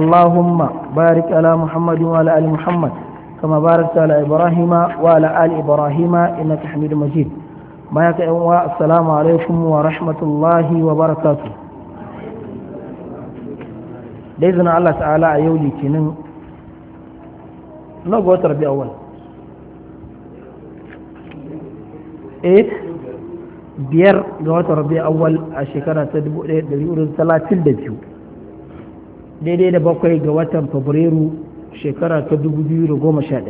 اللهم بارك على محمد وعلى آل محمد كما باركت على إبراهيم وعلى آل إبراهيم إنك حميد مجيد ما يكأوا السلام عليكم ورحمة الله وبركاته بإذن الله تعالى يولي كنن نقوة ربي أول إيه biyar ga watan rabi awal a shekara ta 1432 daidai da bakwai ga watan fabrairu shekara ta 2011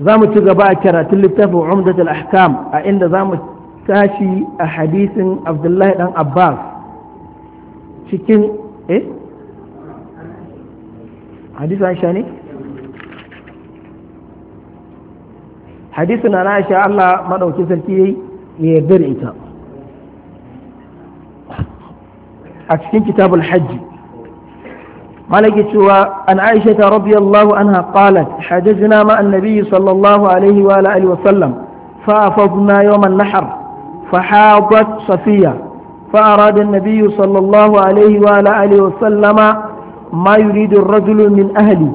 za mu ci gaba a karatun littafin umdat al-ahkam a inda za mu tashi a hadisin abdullahi dan abbas cikin eh hadisin aisha ne hadisin na aisha allah maɗauki sarki ya yarda ita a cikin kitabul hajji قال جتوا أن عائشة رضي الله عنها قالت حجزنا مع النبي صلى الله عليه وآله وسلم فأفضنا يوم النحر فحاضت صفية فأراد النبي صلى الله عليه وآله وسلم ما يريد الرجل من أهلي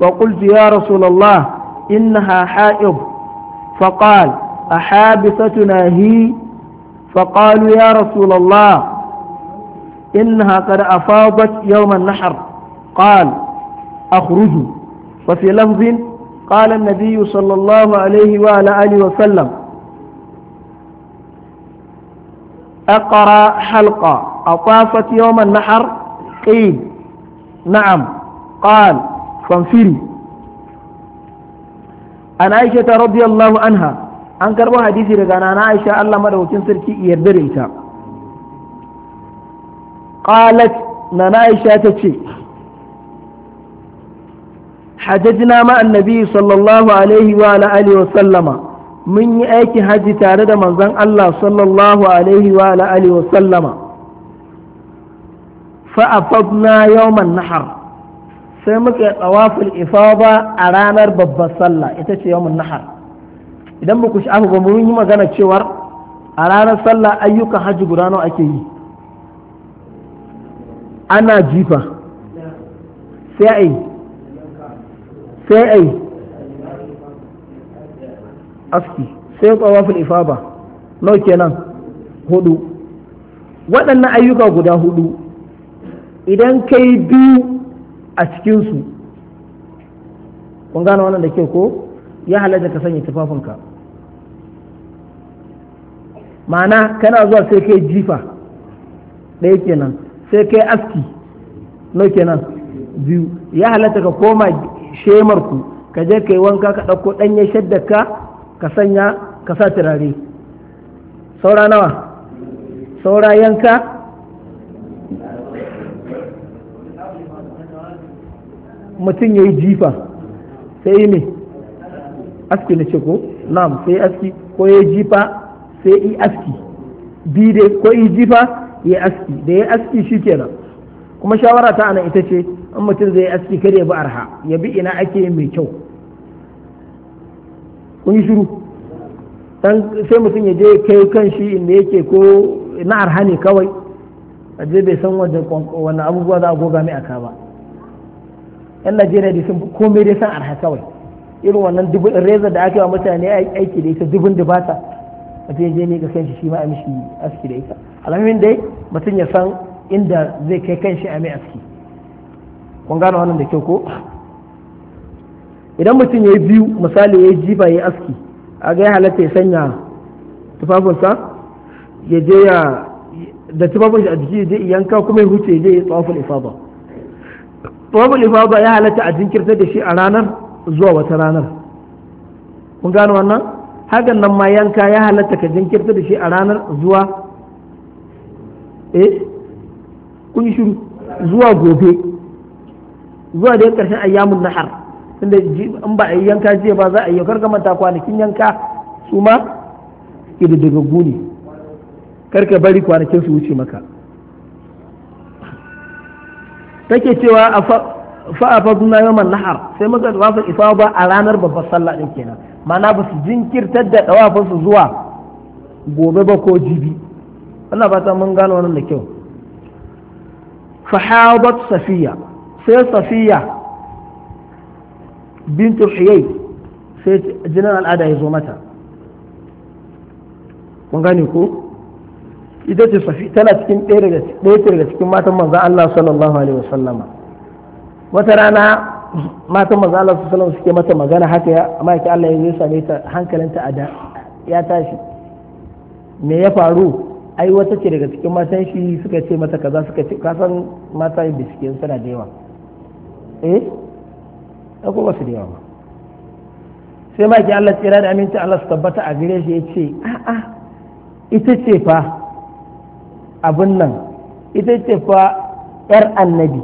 فقلت يا رسول الله إنها حائض فقال أحابثتنا هي فقالوا يا رسول الله إنها قد أفاضت يوم النحر قال أخرجوا وفي لفظ قال النبي صلى الله عليه وعلى آله وسلم أقرأ حلقة أطافت يوم النحر قيل نعم قال فانفري أنا عائشة رضي الله عنها أن كربو حديثي رجعنا أنا عائشة الله مدعو تنسر كي يردر قالت نانا عائشة تشي hajjajina ma annabi sallallahu alaihi wa alihi wa sallama mun yi aikin haji tare da manzon Allah sallallahu alaihi wa alihi wa sallama fa afadna yawman nahar sai muka yi tsawaful ba a ranar babbar sallah ita ce yawman nahar idan ba ku sha'afa ba mun yi magana cewar a ranar sallah ayyukan hajji guda nawa ake yi ana jifa sai sai ai aski sai tsawaful ifaba nau kenan hudu waɗannan ayyuka guda hudu idan kai biyu a cikinsu kun gane wannan da ke ko ya halatta ka sanya tufafinka ma'ana kana zuwa sai kai jifa ɗaya kenan sai kai aski nau kenan biyu ya halatta ka koma shemarku ku ka je ka yi wanka ka ɗauko ɗanyen shaddar ka ka sanya ka sa turare saura nawa saura yanka mutum ya yi jifa sai ne aski na ce ko nam sai aski ko ya yi jifa sai yi aski bi ko yi jifa ya yi aski da ya aski shi kenan kuma shawara ta ana ita ce in mutum zai aski kada ya bi arha ya bi ina ake mai kyau kun yi shiru dan sai mutum ya je kai kan shi inda yake ko na arha ne kawai a je bai san wanda wani abubuwa za a goga mai aka ba yan najeriya da sun komai dai san arha kawai irin wannan dubin reza da aka wa mutane aiki da ita dubin bata a je je ne ga kan shi shi ma a mishi aski da ita alhamdulilayi dai mutum ya san inda zai kai kan a mai aski kun gano wannan da kyau ko idan mutum ya yi biyu misali ya yi jifa ya yi aski a ga ya halatta ya sanya tufafinsa ya je ya da tufafin shi a jiki ya je yanka kuma ya huce ya je ya tsawafin ifaba tsawafin ifaba ya halatta a jinkirta da shi a ranar zuwa wata ranar kun gano wannan hagan nan ma yanka ya halatta ka jinkirta da shi a ranar zuwa eh kun shiru zuwa gobe zuwa da karshen ayyamun nahar tunda in ba a yi yanka jiya ba za a yi karka manta kwanakin yanka su ma ƙididdigaggu ne karka bari kwanakin su wuce maka take cewa fa'afazuna yawan nahar sai muka isa ba a ranar babbar sallah din kenan mana ba su jinkirtar da tawafin zuwa gobe ba ko jibi Allah ba ta mun gano wannan da kyau fahadat safiya sai safiya bintu hiyai sai jinan al'ada ya zo mata kun gane ko ita ce safi tana cikin ɗaya daga cikin matan manzan Allah sallallahu alaihi wasallama wata rana matan manzan Allah sallallahu alaihi suke mata magana haka ya amma yake Allah ya zai same ta hankalinta a da ya tashi me ya faru ai wata ce daga cikin matan shi suka ce mata kaza suka ce kasan mata yin suke suna da yawa eh akwai wasu da yawa sai ma ki Allah tsira da aminci Allah su tabbata a gare shi ya ce a'a ita ce fa abin nan ita ce fa yar annabi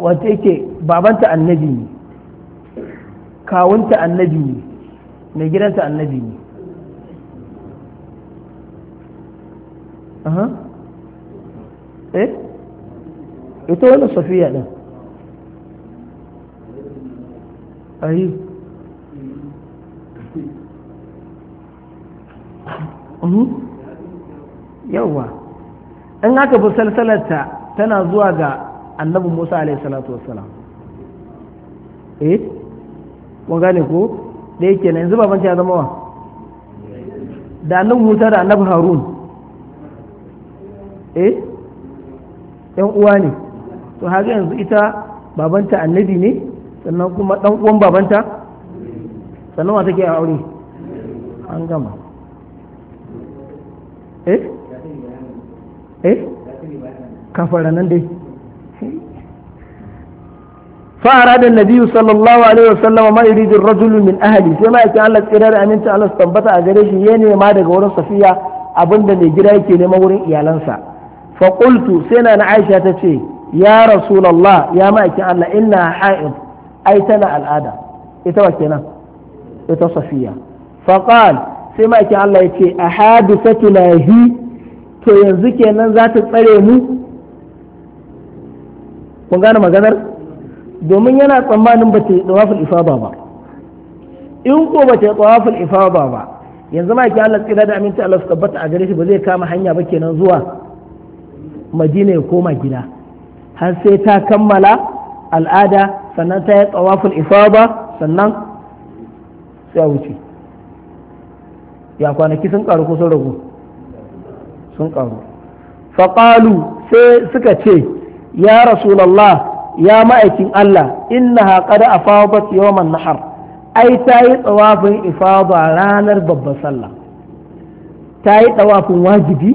wata yake babanta annabi ne kawunta annabi ne mai gidanta annabi ne eh ita wani safiya din ayi yauwa in aka fi salsalarta tana zuwa ga annabi musa alaihi salatu wassalam eh kun gane ko da yake na yanzu babanci ya zama wa da annabi musa da annabi harun eh yan uwa ne to haka yanzu ita babanta annabi ne sannan kuma dan uwan babanta sannan wa take aure an gama eh eh kafara dai fara da nabi sallallahu alaihi wasallam ma yuridu rajulu min ahli sai ma yake Allah tsirar aminta Allah tabbata a gare shi yene ma daga wurin safiya abinda mai gida yake neman wurin iyalansa fa qultu sai na Aisha ta ce ya rasulullah ya ma'aikin Allah inna ha'id ai tana al'ada ita wa kenan ita safiya faqal sai ma'aikin Allah yace ahadisatuna hi to yanzu kenan za ta tsare mu kun gane maganar domin yana tsammanin ba ta yi tsawafin ifaba ba in ko ba ta yi tsawafin ifaba ba yanzu ma Allah tsira da aminta Allah su tabbata a gare shi ba zai kama hanya ba kenan zuwa madina ya koma gida har sai ta kammala al'ada sannan ta yi tsawaful ba sannan sai wuce ya kwanaki sun karu ko sun ragu sun karu faƙalu sai suka ce ya rasulallah ya ma'aikin Allah inna haƙada a fawabat yawon nahar ai ta yi tsawafin ba ranar babban sallah ta yi tsawafin wajibi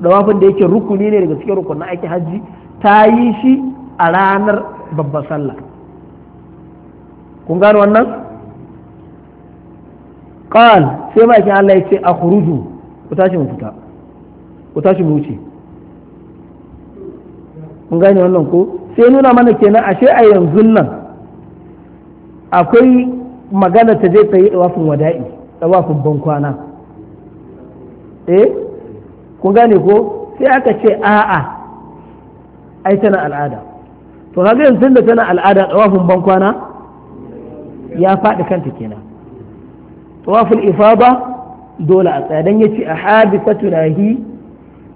tsawafin da yake rukuni ne daga cikin rukunin aiki hajji ta yi shi a ranar babban sallah kun gano wannan ƙan sai bakin Allah ya ce a khuruju ku tashi mu fita ku tashi mu wuce kun gane wannan ko sai nuna mana kenan ashe a yanzu nan akwai magana ta je ta yi ɗawafin wada'i ban bankwana eh kun gane ko sai aka ce a'a ai tana al'ada to kaga yanzu tunda tana al'ada tawafin bankwana ya faɗi kanta kenan tawaful ifada dole a tsaya dan yace a hadisatu nahi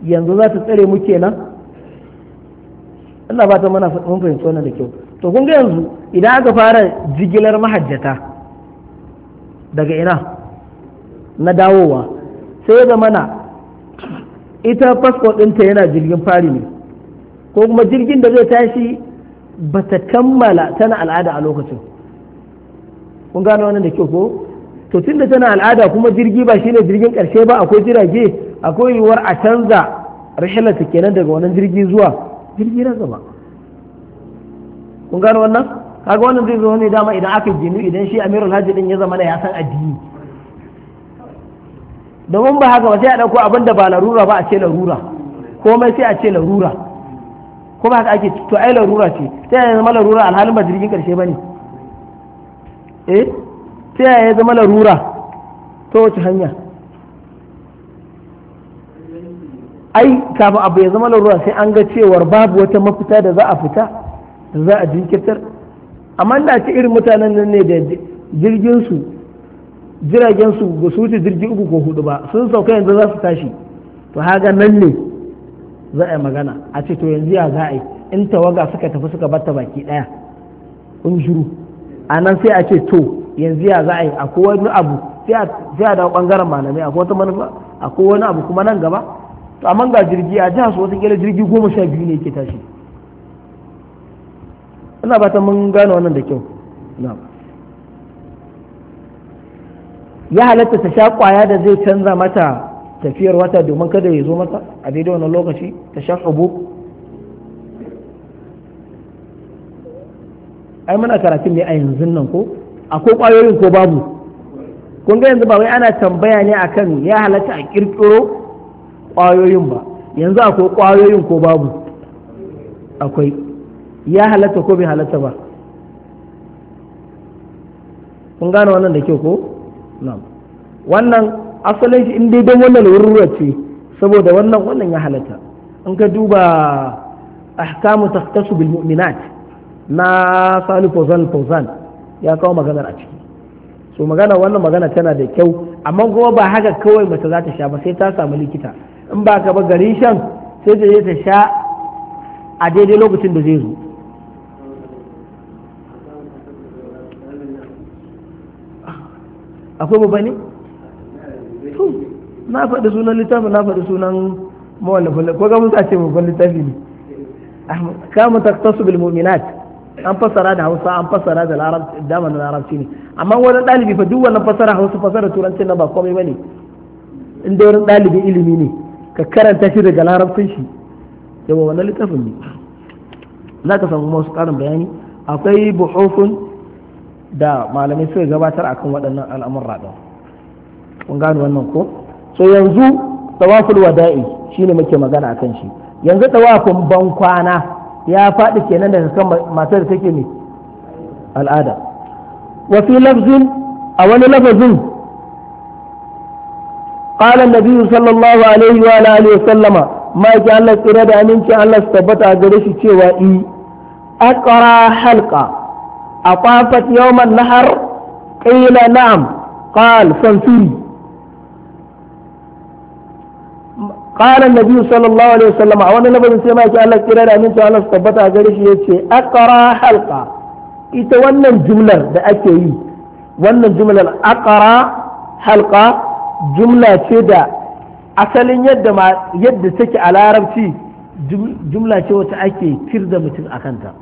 yanzu za ta tsare mu kenan Allah ba ta mana mun fahimci wannan da kyau to kun ga yanzu idan aka fara jigilar mahajjata daga ina na dawowa sai ya na ita fasfo ɗinta yana jirgin fari ne ko kuma jirgin da zai tashi ba ta kammala tana al'ada a lokacin kun gano wannan da kyau ko to tun da tana al'ada kuma jirgi ba shine jirgin karshe ba akwai jirage akwai yiwuwar a canza rahilarta kenan daga wannan jirgi zuwa jirgi na gaba kun gano wannan kaga wannan zai zo ne dama idan aka ginu idan shi amirul hajji din ya zama ya san addini domin ba haka ba sai a ɗauko abin da ba larura ba a ce larura komai sai a ce larura ko ba haka ake to ai larura ce ta ya zama larura alhalin ba jirgin karshe ba ne eh ta ya zama larura ta wace hanya ai kafin abu ya zama larura sai an ga cewar babu wata mafita da za a fita da za a jinkirtar amma da ce irin mutanen nan ne da jirgin su jiragen su ba su wuce jirgin uku ko hudu ba sun sauka yanzu za su tashi to haga nan ne za a yi magana a ce to yanzu ya za a yi in tawaga suka tafi suka bata baki daya in shiru a nan sai a ce to yanzu ya za a yi akwai wani abu sai a dawo bangaren malamai a wata manufa akwai wani abu kuma nan gaba to amma ga jirgi a jihar su wata jirgi goma sha biyu ne ke tashi ina ba ta mun gane wannan da kyau ya halatta ta sha kwaya da zai canza mata tafiyar wata domin kada ya zo mata a daidai wani lokaci ta abu ai muna karatun ne a yanzu nan ko akwai kwayoyin ko babu kun ga yanzu ba wai ana tambaya ne akan ya halatta a kirkiro kwayoyin ba yanzu akwai kwayoyin ko babu akwai ya halatta ko bai halatta ba kun gane wannan da ke ko wannan asalin shi in dai don wannan wurwura ce saboda wannan wannan ya halatta in ka duba ahkamu tahtasu bil mu'minat na salu fawzan fawzan ya kawo maganar a ciki so magana wannan magana tana da kyau amma kuma ba haka kawai mace za ta sha ba sai ta samu likita in ba ka ba gari shan sai ta je ta sha a daidai lokacin da zai zo akwai babani? na faɗi sunan littafin na faɗi sunan mawallafin ko ga musa ce babban littafi ne kamun taktasu bil mu'minat an fassara da hausa an fassara da larabci dama da larabci ne amma wani ɗalibi fa duk wannan fassara hausa fassara turanci na ba komai bane in dai wani ɗalibi ilimi ne ka karanta shi daga larabcin shi yawa wannan littafin ne za ka samu wasu ƙarin bayani akwai buhufun da malamai suka gabatar akan waɗannan al'amurra ɗin kun gano wannan ko so yanzu tawaful wada'i shine muke magana akan shi yanzu tawafin ban kwana ya faɗi kenan daga kan matar da take ne al'ada wa fi lafzin a wani lafazin قال النبي sallallahu alaihi wa وعلى wa sallama ma ke Allah tsira da aminci Allah su tabbata a gare shi cewa i aqra halqa atafat yawm an har qila na'am qal fanfiri قال النبي صلى alaihi عليه a wannan نبي sai ما شاء الله da aminci Allah الله tabbata gare shi yace aqra halqa ita wannan jumlar da ake yi wannan jumlar aqra halqa jumla ce da asalin yadda yadda take a larabci jumla ce wata ake kirda mutum a kanta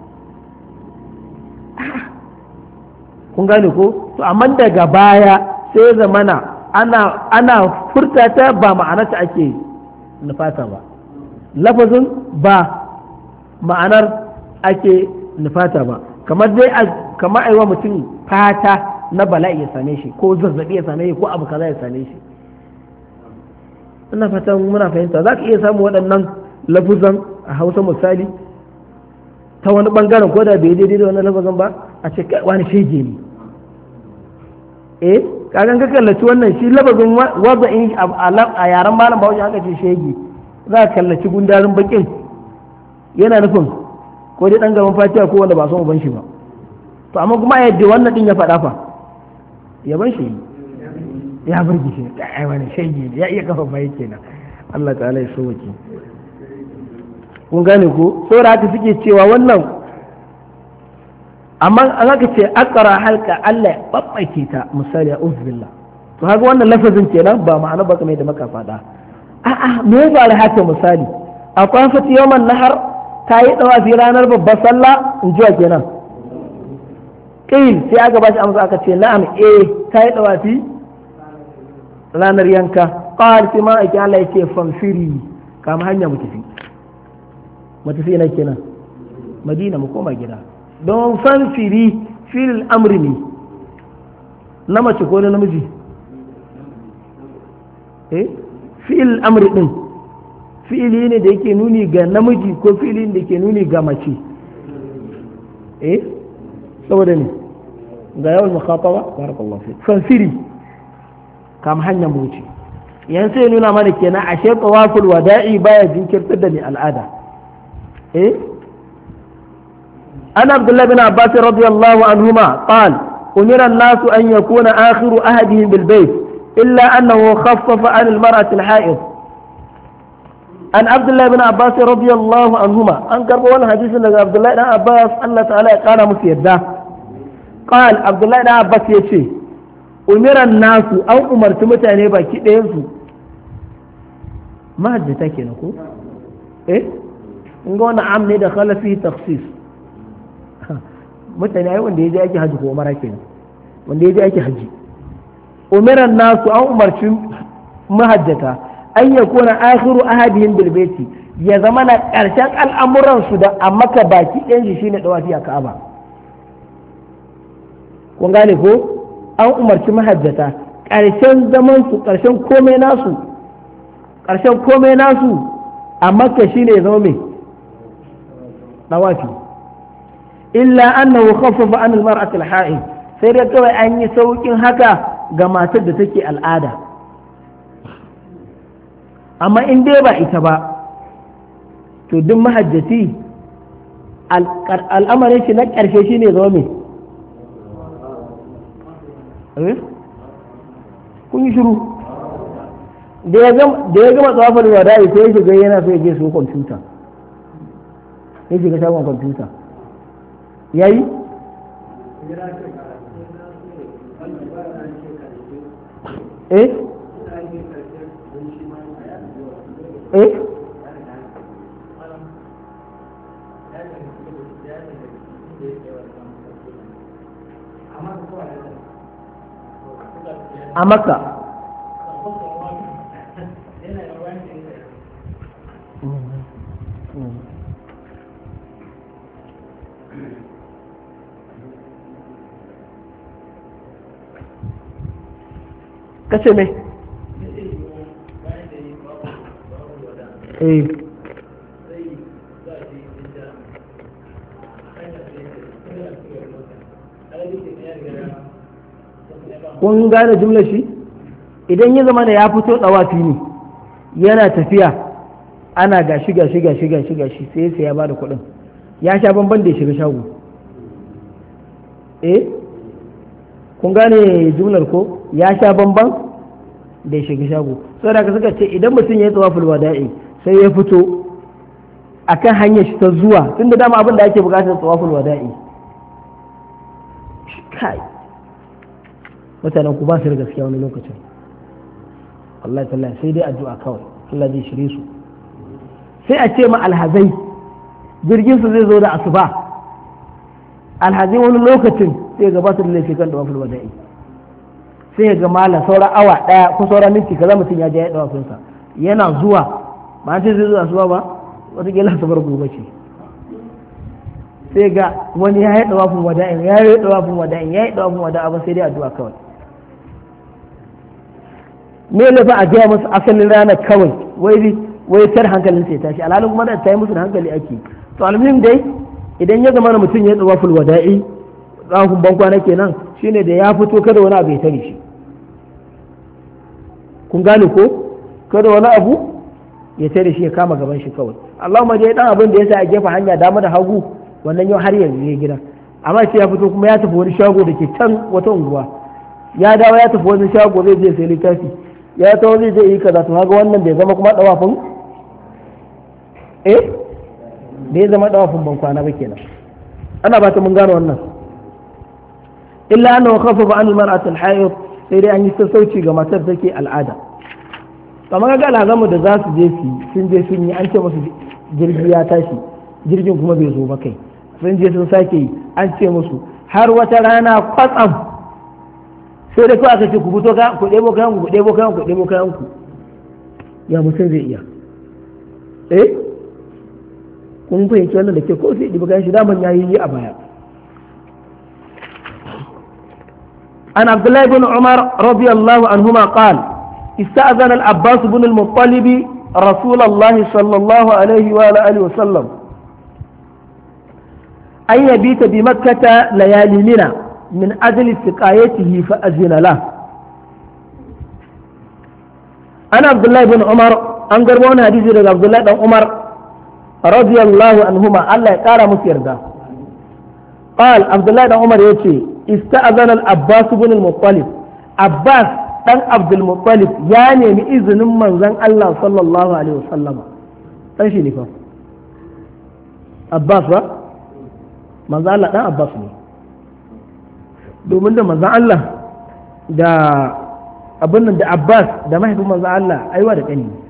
kun gane ko to amma daga baya sai zamana ana ana furta ba ma'anarta ake nufata ba lafazin ba ma'anar ake nufata ba kamar dai kamar aiwa mutum fata na bala'i ya same shi ko zazzabi ya same shi ko abu kaza ya same shi ina fatan muna fahimta za ka iya samun waɗannan lafuzan a hausa misali ta wani bangaren ko da bai daidai da wani lafazan ba a ce wani shege ne eh kagan ka kallaci wannan shi labazin in a yaren malam ba wajen haka ce shege za ka kallaci gundarin bakin yana nufin ko dai dan gaban fatiha ko wanda ba son uban shi ba to amma kuma yadda wannan din ya faɗa fa ya ban shi ya burge shi ai wani shege ya iya kafa bai kenan Allah ta'ala ya so wuce kun gane ko saboda haka suke cewa wannan amma an haka ce akara halka Allah ya babbake ta misali a uzbillah to haka wannan lafazin kenan ba ma'ana ba kamar da maka fada a'a me ya fara haka misali a kwafat yawan nahar ta yi dawa fi ranar babbar sallah in ji kenan qil sai aka bashi amsa aka ce na'am eh ta yi dawa fi ranar yanka qal sai ma ake Allah yake famfiri kama hanya mu tafi mu kenan madina mu koma gida don fansiri fil amri ne na mace ko na namiji eh fil amri din fili ne da yake nuni ga namiji ko fi'ili da yake nuni ga mace eh saboda ne ga yawan makafawa barakallahu fi fansiri kam hanyar wuce yan sai nuna mana kenan ashe tawaful wada'i baya jinkirtar da ni al'ada eh أن عبد الله بن عباس رضي الله عنهما قال أمر الناس أن يكون آخر أحدهم بالبيت إلا أنه خفف عن المرأة الحائض عن عبد الله بن عباس رضي الله عنهما أن كربوا الحديث لك عبد الله بن عباس الله تعالى قال مسيدا قال عبد الله بن عباس يشي أمر الناس أو أمرت متعني باكي دينسو ما هجتك نقول إيه نقول نعم ندخل فيه تخصيص mutane ai wanda ya je aiki haji ko umara kenan wanda ya je aiki haji umiran nasu an umarci mahajjata an kona akhiru ahadihim bil baiti ya zama na al'amuran su da amma ka baki ɗin shi ne ɗawafi a ka'aba kun gane ko an umarci mahajjata zaman zamansu karshen komai nasu karshen komai nasu a ka shi ne zama mai ɗawafi illa annahu khaffafa an al-mar'ati al hai sai dai kawai an yi saukin haka ga matar da take al'ada amma in dai ba ita ba to duk mahajjati al'amarin shi na ƙarshe shi ne zo me eh? kun yi shiru da ya gama tsawafar wada'i sai ya shiga yana so ya je su kwamfuta ya shiga shagon kwamfuta yayi eh eh a maka kace me eh kun gane jumlar shi idan ya zama da ya fito tsawafi ne yana tafiya ana gashi gashi gashi gashi gashi sai sai ya bada kudin ya sha bamban da ya shiga shago eh kun gane jumlar ko ya sha bamban da ya shiga shago sai da suka ce idan mutum ya yi tsawaful wada'i sai ya fito a kan hanyar shi ta zuwa tunda dama abin da ake bukatar tsawaful wada'i kai mutanen ku ba su da gaskiya wani lokacin wallahi tallahi sai dai addu'a kawai Allah zai shirye su sai a ce ma alhazai jirgin su zai zo da asuba alhaji wani lokacin sai ga basu da laifi kan dawafin wada'i sai ga malam saura awa daya ko saura minti kaza mutum ya je ya dawafin sa yana zuwa ba ce zai zuwa zuwa ba wata kila sabar gobe ce sai ga wani ya yi dawafin wada'i ya yi dawafin wada'i ya yi dawafin wada'i ba sai dai addu'a kawai me ne fa a gaya musu asalin ranar kawai wai wai tar hankalin sai tashi alhalin kuma da ta yi musu da hankali ake to almuhim dai idan ya zama mutum ya tsawaful wada'i tsahun bankwana kenan shine da ya fito kada wani abu ya tare shi kun gane ko kada wani abu ya tare shi ya kama gaban shi kawai Allahumma dai dan abin da yasa a gefa hanya dama da hagu wannan yau har yanzu ya gida amma sai ya fito kuma ya tafi wani shago da ke can wata unguwa ya dawo ya tafi wani shago zai je sai littafi ya tawo zai je yi kaza to kaga wannan bai zama kuma dawafin eh da ya zama dawafin ban kwana ba kenan ana ba ta mun gano wannan illa annahu khaffafa an al-mar'at al-hayd sai dai an yi sassauci ga matar take al'ada kamar ga alhazamu da za su je su sun je sun yi an ce musu jirgi ya tashi jirgin kuma bai zo ba kai sun je sun sake yi an ce musu har wata rana kwatsam sai da kawai aka ce ku fito ka ku ɗebo kayan ku ku ɗebo kayan ku ku ɗebo kayan ku ya mutum zai iya eh kun fahimci wannan da ke ko sai ɗibi gashi daman ya yi a baya an abdullahi bin umar radiyallahu anhuma qal استأذن العباس بن المطلب رسول الله صلى الله عليه وآله وسلم أن يبيت بمكة ليالي منى من أجل سقايته فأذن له أنا عبد الله بن عمر أنقر وانا حديثي عبد الله بن عمر radiyallahu anhuma Allah ya kara musu yarda qal abdullahi dan umar yace ista'azana al-abbas ibn al-muttalib abbas dan abdul muttalib ya nemi izinin manzon Allah sallallahu alaihi wasallam shi ne fa abbas ba manzon Allah dan abbas ne domin da manzon Allah da abin da abbas da mahaifin Allah aiwa da kani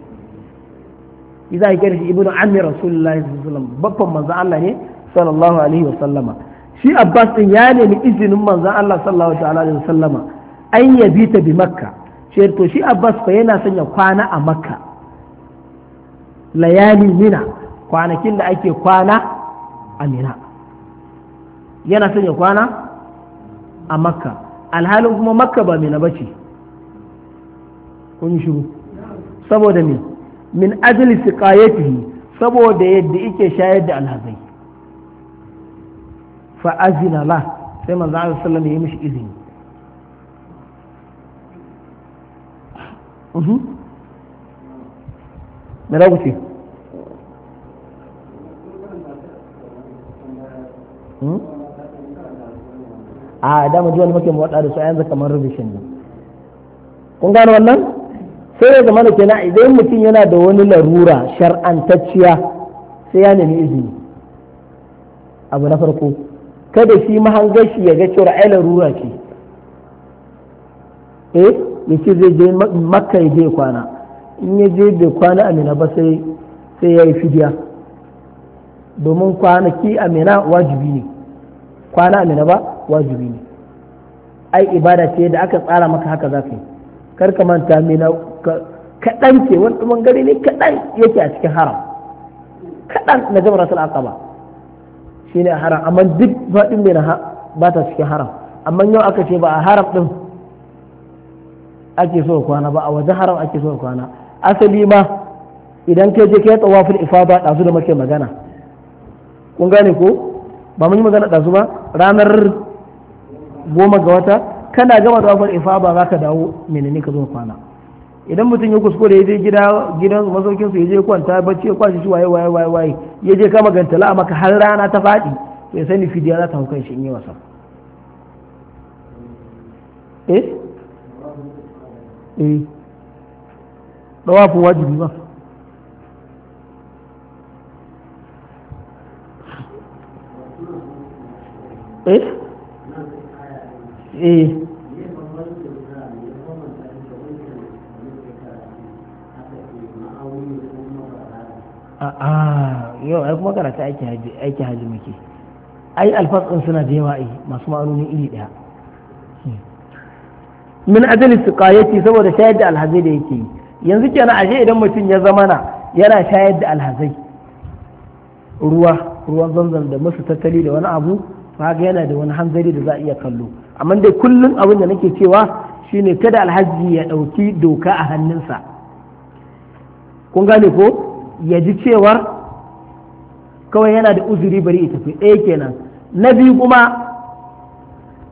idan ya kira shi ibnu ammi rasulullahi sallallahu alaihi wasallam babban manzo Allah ne sallallahu alaihi wasallama shi abbas din ya nemi izinin manzo Allah sallallahu alaihi wasallama an yabi ta bi makka ce to shi abbas fa yana sanya kwana a makka layali mina kwanakin da ake kwana a mina yana sanya kwana a makka alhalin kuma makka ba mina bace kun shiru saboda me min ajali siqayatihi saboda yadda yake shayar da alhazai fa azina la sai manzo Allah sallallahu alaihi wasallam ya mishi izini uhu mhm. me da kuce hmm? a da mu ji wani muke mu wada da su yanzu kamar revision ne kun gano wannan sai ya zama da na idan mutum yana da wani larura shar'antacciya sai ya nemi izini abu na farko kada shi mahangashi ya ga cewa ai larura ce eh ya ce zai je makka ya je kwana in ya je bai kwana amina ba sai sai ya yi fidiya domin kwanaki amina wajibi ne kwana amina ba wajibi ne ai ibada ce da aka tsara maka haka za ka yi kar ka manta mina kaɗan ke wani gari ne kaɗan yake a cikin haram kaɗan na jamratul aqaba shi ne haram amma duk faɗin mai na ba ta cikin haram amma yau aka ce ba a haram din ake so kwana ba a waje haram ake so kwana asali ma idan ka je kai tawaful ifada dazu da muke magana kun gane ko ba mun yi magana su ba ranar goma ga wata kana gama ifa ifaba za ka dawo menene ka zo kwana idan mutum ya kuskure ya je gida gidan masaukin su ya je kwanta bacci ya kwashi shi waye waye waye waye ya je kama gantala a maka har rana ta faɗi to ya sani fidiya za ta hukan shi in yi wasa eh eh dawafin wajibi ba eh eh a'a yau ai kuma karata aiki haji aiki haji muke ai alfaz din suna da yawa ai masu ma'anoni iri daya min ajali siqayati saboda shayar da alhazai da yake yi yanzu kenan ashe idan mutum ya zamana yana shayar da alhazai ruwa ruwan zanzan da masu tattali da wani abu ga yana da wani hanzari da za a iya kallo amma dai kullum abin da nake cewa shine kada alhaji ya ɗauki doka a hannunsa kun gane ko ya ji cewar kawai yana da uzuri bari ya tafi ɗaya eh kenan na biyu kuma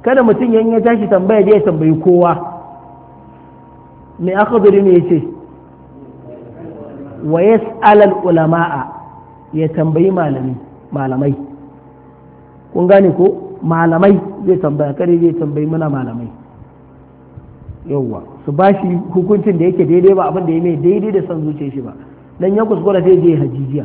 kada mutum yan ya tashi tambaya zai ya tambayi kowa mai aka zuri ne ya ce wa yas'alal ulama'a ya tambayi malamai kun gane ko malamai zai tambaya kare zai tambayi muna malamai yawwa su ba shi hukuncin da yake daidai ba abin da ya mai daidai da son zuce shi ba dan ya kuskura zai je hajijiya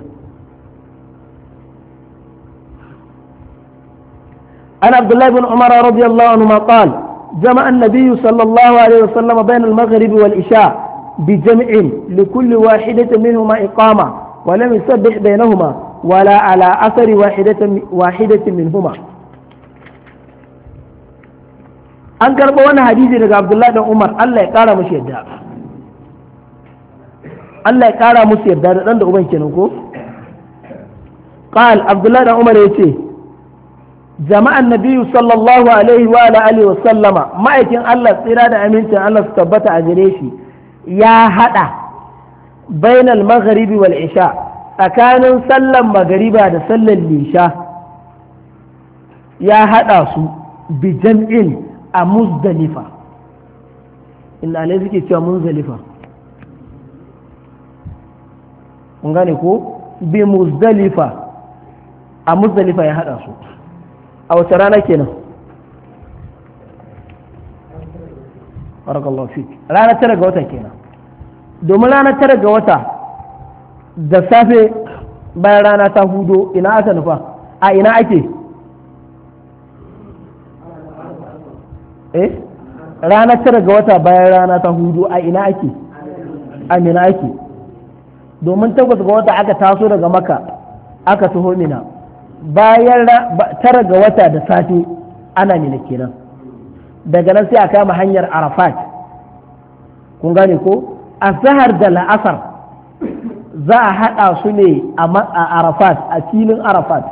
an abdullahi bin umar radiyallahu anhu ma qal jama'a an-nabiy sallallahu alaihi wasallam bain al-maghrib wal isha bi بجمع لكل واحدة منهما إقامة ولم يسبح بينهما ولا على أثر واحدة, واحدة منهما an karɓa wani hadisi daga abdullahi dan umar allah ya ƙara musu yadda allah ya ƙara musu yadda da ɗan da uban kenan ko قال عبد الله بن عمر يتي جماع النبي صلى الله عليه وعلى اله وسلم ما يكن الله tsira da amincin Allah su tabbata a gare shi ya haɗa bainal maghribi wal isha tsakanin sallan magariba da sallan lisha ya haɗa su bi jam'in a muzdalifa inda ne suke cewa muzdalifa kun gane ko bi muzdalifa a muzdalifa ya hada su a wace rana kenan barakallahu fik rana tara ga wata kenan domin rana tara ga wata da safe bayan rana ta hudo ina aka nufa a ina ake eh rana tara ga wata bayan rana ta hudu a ina ake A mina ake domin takwas ga wata aka taso daga maka aka taho mina bayan tara ga wata da safe ana mina kenan daga nan sai a kama hanyar arafat kun gane ko a zahar da la'asar za a haɗa su ne a arafat a filin arafat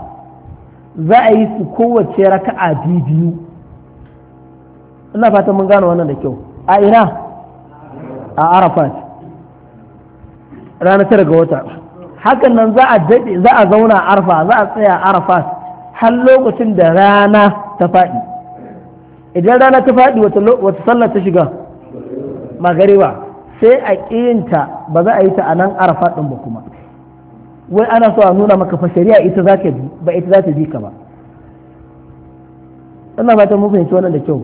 za a yi su kowace raka'a biyu ina fatan mun gane wannan da kyau a ina a arafat ranar tara ga wata hakan nan za a daɗe za a zauna a arfa za a tsaya a arafat har lokacin da rana ta faɗi idan rana ta faɗi wata sallar ta shiga magariba sai a ƙiyinta ba za a yi ta a nan arafat ɗin ba kuma wai ana so a nuna maka fa shari'a ita za bi ba ita za ta bi ka ba Allah ba ta mu fahimci wannan da kyau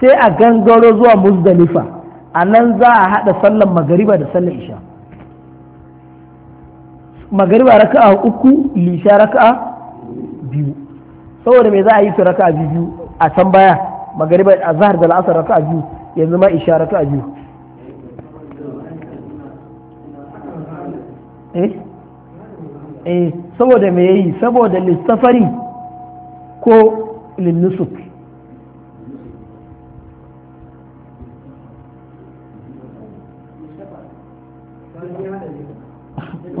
sai a gangaro zuwa muzdalifa a nan za a haɗa sallan magariba da sallan isha magariba raka'a uku lisha raka'a biyu saboda me za a yi su raka'a biyu a can baya magariba a zahar da la'asar raka'a biyu yanzu ma isha raka'a biyu eh, eh saboda me yi saboda lissafari ko linnusuk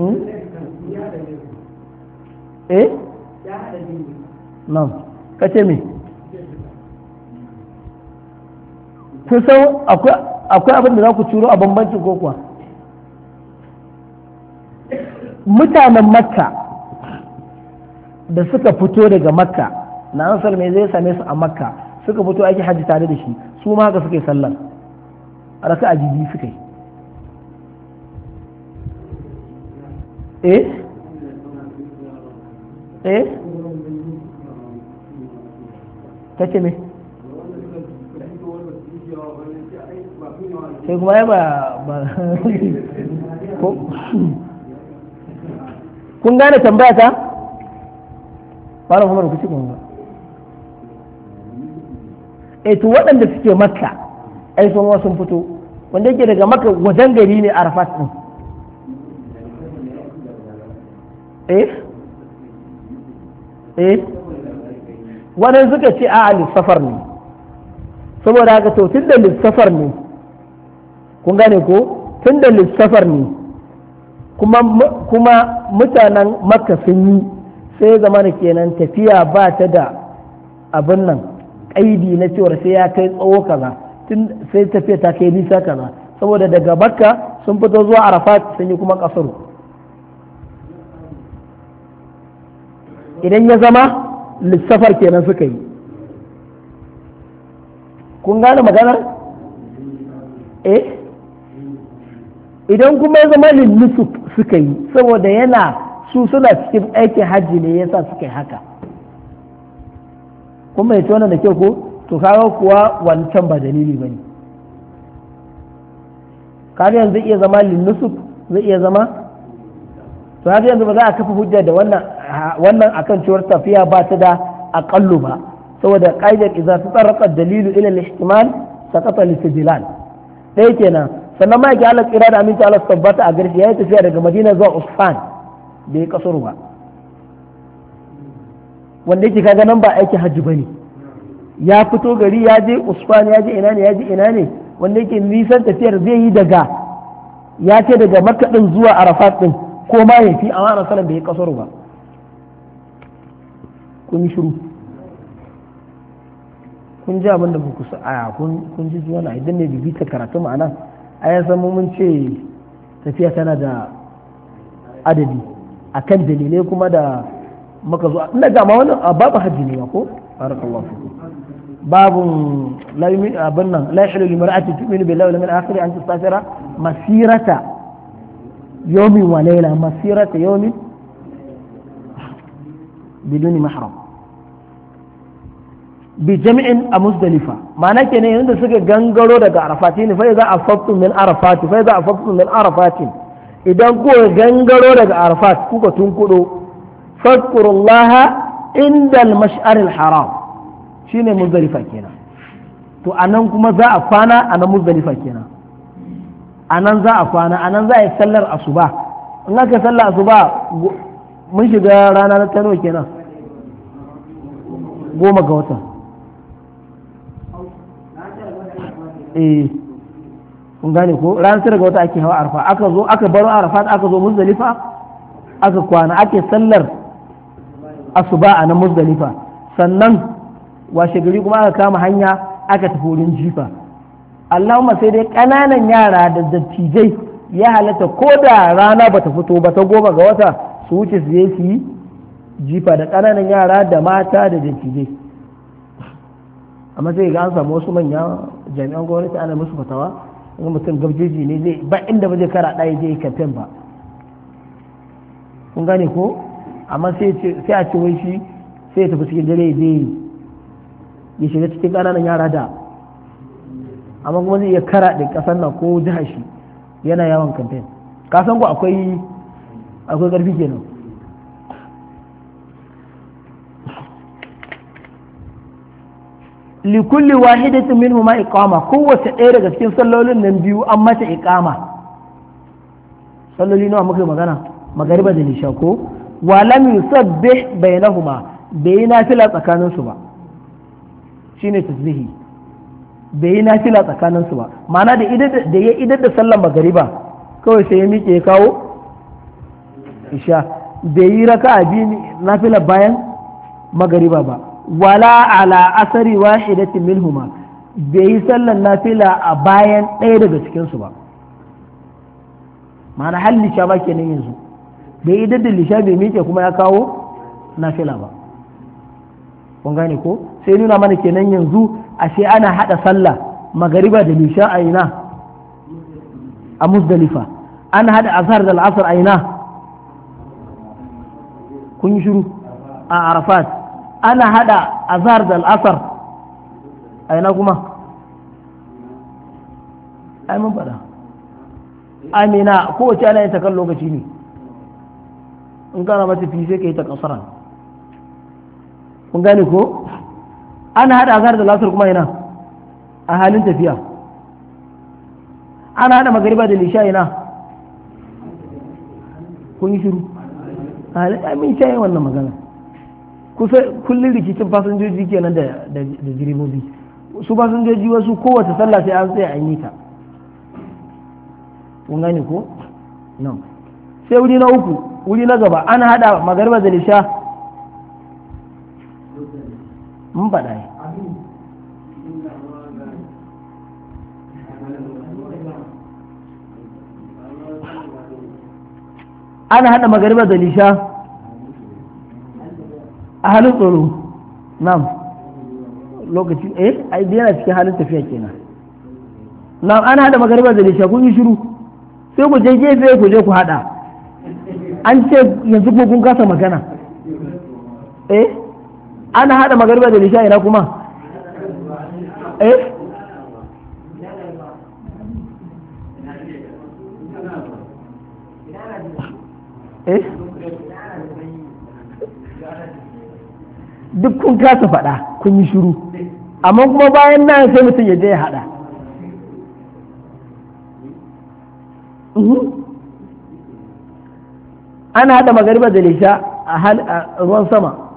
Hmm? eh nan kace me kusan akwai abin da za ku turo a bambancin ko mutanen makka da suka fito daga makka na ansar mai zai same su a makka suka fito aiki hajji tare da shi su ma haka suka yi sallar raka a jibi suka yi eh eh kace me sai kuma ya ba kun gane tambaya ta fara kuma rukuci kun ba e eh, to waɗanda suke makka ai sun wasu fito wanda yake daga makka wajen gari ne arafat ɗin eh eh wannan suka ce a lissafar ne saboda haka to tun da lissafar ne kun gane ko tun da lissafar ne kuma mutanen makka sun yi sai zama da kenan tafiya ba ta da abin nan ƙaidi na cewar sai ya kai tsawo kaza tun sai tafiya ta kai nisa kaza saboda daga makka sun fito zuwa arafat sun yi kuma kasaru idan ya zama lissafar kenan suka yi kun gane maganar eh idan kuma ya zama lillisuf suka yi saboda yana su suna cikin aikin hajji ne yasa suka yi haka kuma ya wannan da ke ko to kawo kuwa wancan ba dalili bane kaga yanzu zai iya zama lillisuf zai iya zama to har yanzu ba za a kafa hujja da wannan wannan akan cewar tafiya ba ta da aqallu ba saboda qaidar idza tatarraqa dalilu ila al-ihtimal saqata al sijlan dai kenan sannan ma yake Allah tsira da aminta Allah tabbata a garshi yayin tafiya daga Madina zuwa Usfan bai kasar ba wanda yake kaga nan ba aiki hajji bane ya fito gari ya je Usfan ya je ina ne ya je ina ne wanda yake nisan tafiyar zai yi daga ya ce daga makaɗin zuwa Arafat din ko ma ya fi amma ana da ya kasar ba kun shiru kun ji abin da ba ku aya kun ji zuwa na idan ne bibita karatu ma'ana a ya samu mun ce tafiya tana da adadi a kan dalilai kuma da maka zuwa ina ga ma wani babu hajji ne ba ko barakallahu fiku babun abin nan la yahlu lil mar'ati tu'minu billahi wal yawmil akhir an tasafira masirata يوم وليلة مسيرة يوم بدون محرم بجمع مزدلفة معنى كنا يندى سكا غنغرو دقى عرفاتين فإذا أفضتم من عرفات فإذا أفضتم من عرفات إذا كو غنغرو دقى عرفات كوكا تنكرو فاذكروا الله عند المشعر الحرام شيني مزدلفة كنا to anan kuma za a kwana a na muzdalifa kenan a nan za a kwana a nan za a yi sallar asuba in aka sallar asuba mun shiga rana na tano kenan goma ga wata. eh kun gane ko ranar tara ga wata ake hawa arfa aka zo aka baro arfa aka zo muzdalifa aka kwana ake sallar asuba a nan muzdalifa sannan washe gari kuma aka kama hanya aka tafi wurin jifa allahumma sai dai ƙananan yara da dattijai ya halatta ko da rana ba ta fito ba ta goma ga wata su wuce su je su yi jifa da ƙananan yara da mata da dattijai amma sai ga an samu wasu manya jami'an gwamnati ana musu fatawa in mutum gabjeji ne zai ba inda ba zai kara ɗaya zai yi ba kun gane ko amma sai a ce wai shi sai ya tafi cikin dare zai ya shiga cikin ƙananan yara da amma kuma zai iya kara da kasar nan ko jihar shi yana yawan kamfen ka san ku akwai akwai ƙarfi kenan likulli wahidatin minhu ma iqama kowace ɗaya daga cikin sallolin nan biyu an mata iqama salloli nawa muka magana magariba da nisha ko wa lam yusabbih bainahuma bai nafila tsakanin su ba shine tasbihi bai yi nafila tsakaninsu ba ma'ana da ya idar da sallan magariba kawai sai ya miƙe ya kawo isha bai yi raka a biyu nafila bayan magariba ba wala ala asari wahidatin huma bai yi sallan nafila a bayan ɗaya daga cikinsu ba ma'ana hal lisha ba kenan yanzu bai yi da lisha bai miƙe kuma ya kawo nafila ba kun gane ko sai nuna mana kenan yanzu ashe ana haɗa sallah magariba da nisha a ina a musdalifa ana haɗa azhar da al'asar a ina kun yi shiru a arafat ana haɗa azhar da al'asar a ina kuma ai mun faɗa amina kowace ana yin takan lokaci ne in kana mata fi sai ka yi ta kasara kun gane ko ana haɗa azhar da lasar kuma ina a halin tafiya ana haɗa magariba da lisha ina kun yi shiru a halin shayi wannan magana kusa kullum rikicin fasinjoji kenan da direbobi su fasinjoji wasu kowace sallah sai an tsaye an yi ta kun gane ko no sai wuri na uku wuri na gaba ana haɗa magariba da lisha mun faɗa ana haɗa magariba da lisha a halin tsoro nam lokaci eh ai yana cikin halin tafiya kenan nam ana haɗa magariba da lisha kun yi shiru sai ku je gefe ku je ku haɗa an ce yanzu kuma kun kasa magana eh ana hada magariba da lisha ina kuma eh? Eh? duk kun kasa faɗa kun yi shiru amma kuma bayan nan sai mutum ya je ya haɗa mhm. ana haɗa magariba da lisha a ruwan sama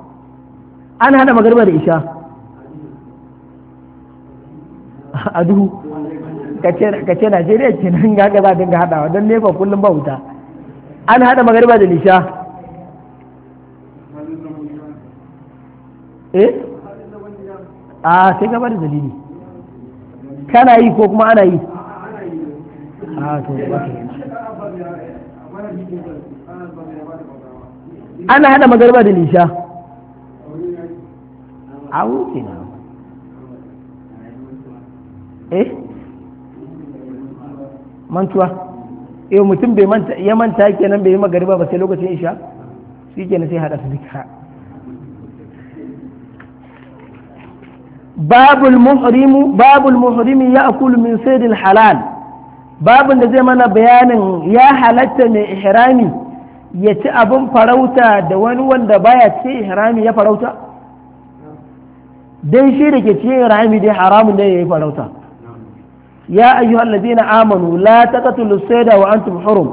an hada magarba da isha a duhu kace najeriya ke nan gaga za dinga hadawa don nefa kullum ba wuta an hada magarba da isha eh a sai gaba da dalili kana yi ko kuma ana yi a to ana hada magarba da nisha. a kina eh mantuwa eh mutum bai manta ya manta kenan bai yi magariba ba sai lokacin isha shi kenan sai hada su babul muhrimu babul muhrimi ya akulu min saydil halal babun da zai mana bayanin ya halatta mai ihrami ya ci abin farauta da wani wanda baya ce ihrami ya farauta dan shi da ke cikin rahimi dai haramun ne yayi farauta ya ayyuhal ladina amanu la taqtulu sayda wa antum hurum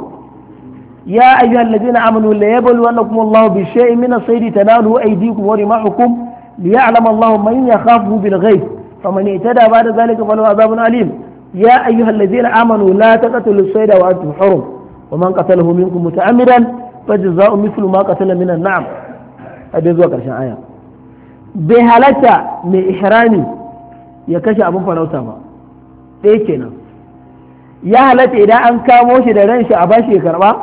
ya ayyuhal ladina amanu la yabluwannakum Allahu bi shay'in min as-saydi tanalu aydikum wa rimahukum liya'lam Allahu man yakhafu bil ghaib faman itada ba'da dhalika falahu adhabun alim ya ayyuhal ladina amanu la taqtulu sayda wa antum hurum wa man qatalahu minkum muta'ammidan fajza'u mithlu ma qatala min an-na'am hadai zuwa karshen aya bai halatta mai ihrami ya kashe abin farauta ba ɗaya kenan ya halatta idan an kamo shi da ran shi a bashi ya karba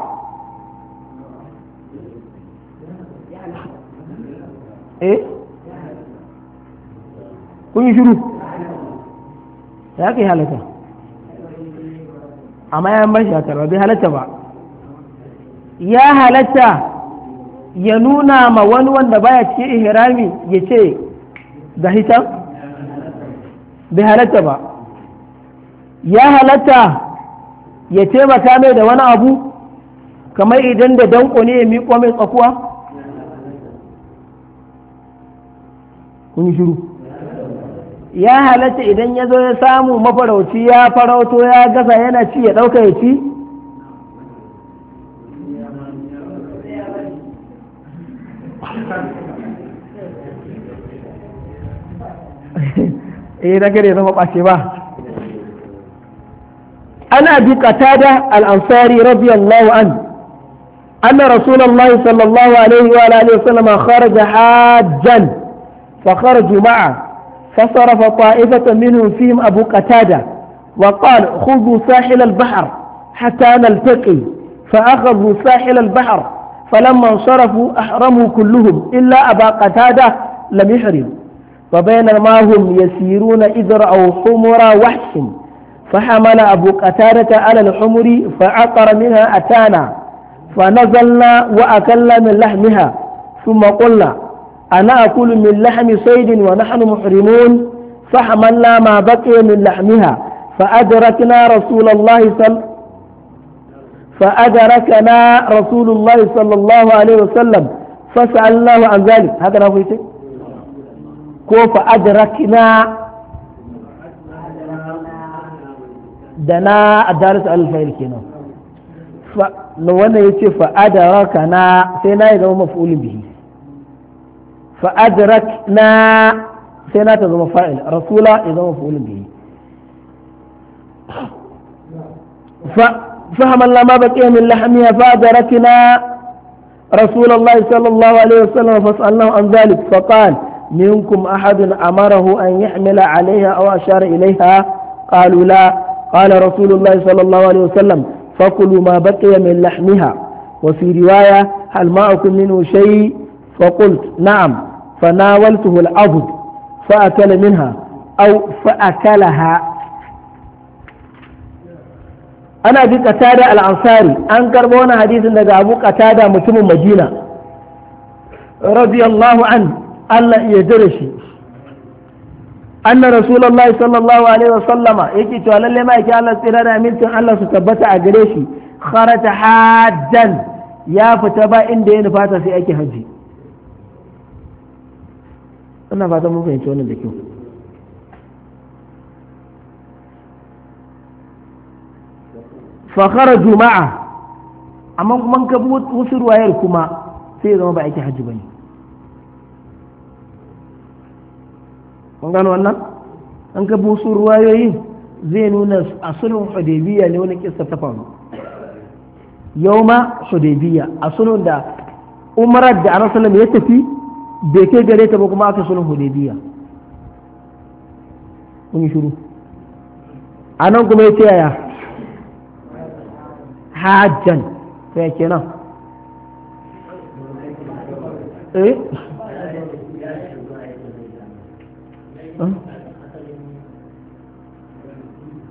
eh kun yi shiru ya kai halatta amma ya bashi ya karba bai halatta ba ya halatta ya nuna ma wani wanda baya ci ihrami ya ce ga hita bai halatta ba ya halatta ya taimaka mai da wani abu kamar idan da danko ne ya miƙo mai tsakuwa kun shiru ya halatta idan ya zo ya samu mafarauci ya farauto ya gasa yana ci ya ɗauka ya ci eh daga da zama ɓace ba ana bi qatada al-ansari radiyallahu an anna rasulullahi sallallahu alaihi wa alihi wa sallam kharaja hajjan fa kharaju ma'a فصرف طائفة منهم فيهم أبو قتادة وقال خذوا ساحل البحر حتى نلتقي فأخذوا ساحل البحر فلما انصرفوا أحرموا كلهم إلا أبا قتادة لم يحرم فبينما هم يسيرون إذ رأوا حمر وحش فحمل أبو قتادة على الحمر فعقر منها أتانا فنزلنا وأكلنا من لحمها ثم قلنا أنا أكل من لحم صيد ونحن محرمون فحملنا ما بقي من لحمها فأدركنا رسول الله صلى فأدركنا رسول الله صلى الله عليه وسلم فسألناه عن ذلك هذا نفسه ko fa'adrakna da na adalis alfa'il kenan wanda ya ce fa'adaraka na sai na yi zama maf'ulin bihi fa'adarak na sai na ta zama fa'il rasula ya zama maf'ulin bihi فهم الله ما بقي من لحمها فأدركنا رسول الله صلى الله عليه وسلم فسألناه عن ذلك فقال منكم أحد أمره أن يحمل عليها أو أشار إليها قالوا لا قال رسول الله صلى الله عليه وسلم فكلوا ما بقي من لحمها وفي رواية هل معكم منه شيء فقلت نعم فناولته العبد فأكل منها أو فأكلها أنا أبي قتادة الأنصاري أنكر بونا حديث أبو قتادة متم مدينة رضي الله عنه Allah ya dare shi anna rasulullahi sallallahu alaihi wasallama yake cewa lalle ma yake Allah tsira da amincin Allah su tabbata a gare shi kharata hajjan ya fita ba inda ya nufata sai ake haji ina fata mun fahimci wannan da kyau fa kharaju ma'a amma kuma ka bi wasu ruwayar kuma sai ya zama ba ake haji bane kun gano wannan an ka busu ruwayoyi zai nuna a sulhun hudaybiya ne wani kisa ta faru ma hudaybiya a sulhun da umarar da anasalam ya tafi bai kai gare ta ba kuma aka sulhun hudaybiya kun yi shiru a nan kuma ya ce yaya hajjan ta yake nan eh?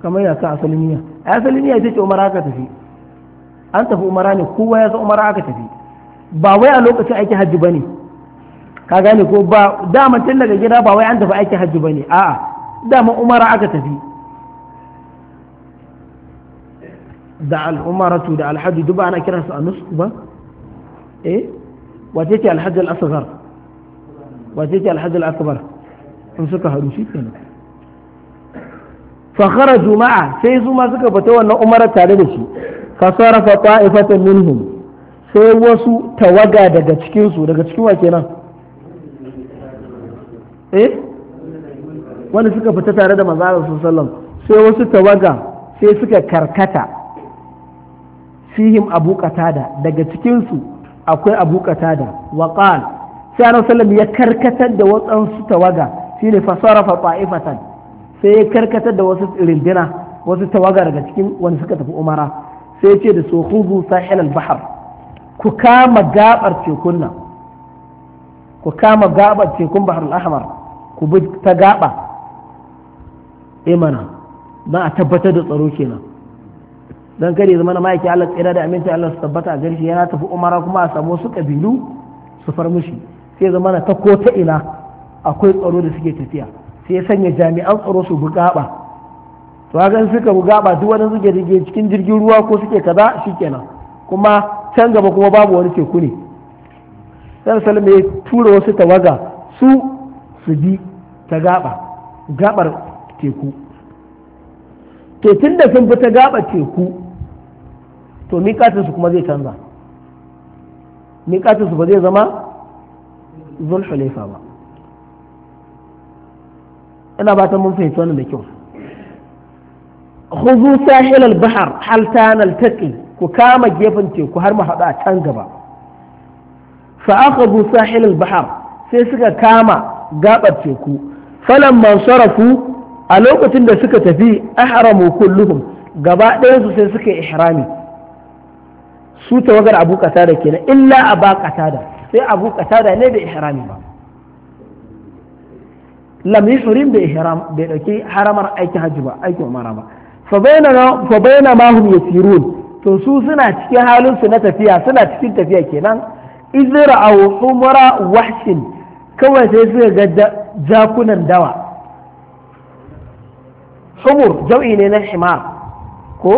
kamar ya ka asalin niyya asalin niyya ita ce umara aka tafi an tafi umara ne kowa ya san umara aka tafi ba wai a lokacin aiki hajji bane ka gane ko ba dama tun daga gida ba wai an tafi aiki hajji bane a'a dama umara aka tafi da al'umaratu da alhaji duk ba ana kiran su a nusku ba eh wace ce alhaji al-asghar wace ce alhaji al-akbar in suka haru shi kenan fakara juma'a sai su ma suka fita wannan umarar tare da shi fasara fa ta'ifatan minhum sai wasu tawaga daga cikin su daga cikin wa kenan eh wanda suka fita tare da manzo Allah sallallahu sai wasu tawaga sai suka karkata fihim abu qatada daga cikin su akwai abu qatada wa qala sai annabi ya karkatar da su tawaga shine fasarafa ta'ifatan sai ya karkatar da wasu rindina wasu tawaga daga cikin wanda suka tafi umara sai ce da su hudu sahil al-bahar ku kama gabar tekun nan ku kama gabar tekun bahar al-ahmar ku bi ta gaba imana eh ba a tabbatar da tsaro kenan dan kare zama na ma'aiki Allah tsira da aminci Allah su tabbata a garshi yana tafi umara kuma a samu su kabilu su far mushi sai zama na ta ko ta ina akwai tsaro da suke tafiya sai ya sanya jami'an tsaro su bugaba to hakan suka bugaba duk wani suke rige cikin jirgin ruwa ko suke kaza shikenan kuma can gaba kuma babu wani teku ne sai salama ya tura wasu tawaga su su bi ta gaba gabar teku to tun da sun fi ta gaba teku to su kuma zai canza su ba zai zama zulhulaifa ba ina ba ta mun fahimci wannan da kyau khuzu sahil al bahar hal tanaltaqi ku kama gefen teku har mu haɗu a can gaba fa akhadhu sahil al bahar sai suka kama gabar teku man sarafu a lokacin da suka tafi ahramu kulluhum gaba ɗayansu sai suka ihrami su tawagar abu qatada kenan illa abu qatada sai abu qatada ne bai ihrami ba lam yuhrim bi ihram bai dauki haramar aikin hajji ba aikin umara ba fa bainana fa bainama hum yasirun to su suna cikin halin su na tafiya suna cikin tafiya kenan izra aw humra wahshin kawai sai suka ga jakunan dawa humur jau'i ne na himar ko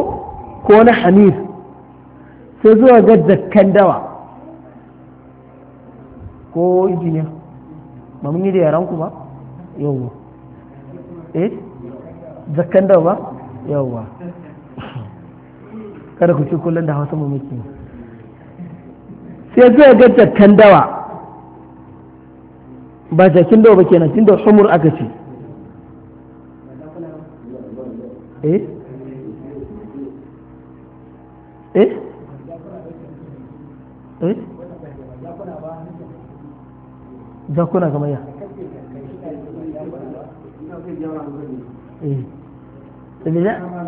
ko na hamir sai zuwa ga zakkan dawa ko injiniya ba mun yi da yaran ku ba yawwa eh zakkan da ba yawwa kada ku ci kullum da hausa mu sai zai ga zakkan dawa ba jakin dawa ba kenan tunda humur aka ce eh eh eh zakuna kamar ya Eh. Eh,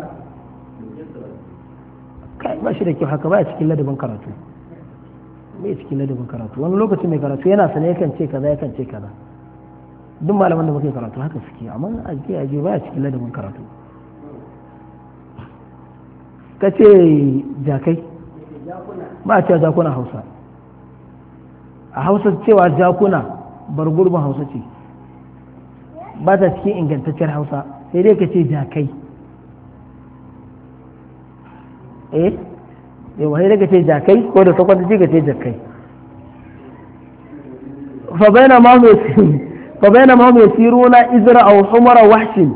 kai ba shi da kyau haka ba ya cikin ladabin karatu ba ya cikin ladabin karatu wani lokaci mai karatu yana sane yakan ce kaza yakan ce kaza duk malaman da muke karatu haka suke amma a je a je ba ya cikin ladabin karatu ka ce jakai ba a cewa jakuna hausa a hausa cewa jakuna bar gurbin hausa ce ba ta cikin ingantacciyar hausa sai dai ka ce da kai eh wahai daga ce jakai ko da sakon da jiga ce jakai fa bayna ma mai na izra au humara wahshin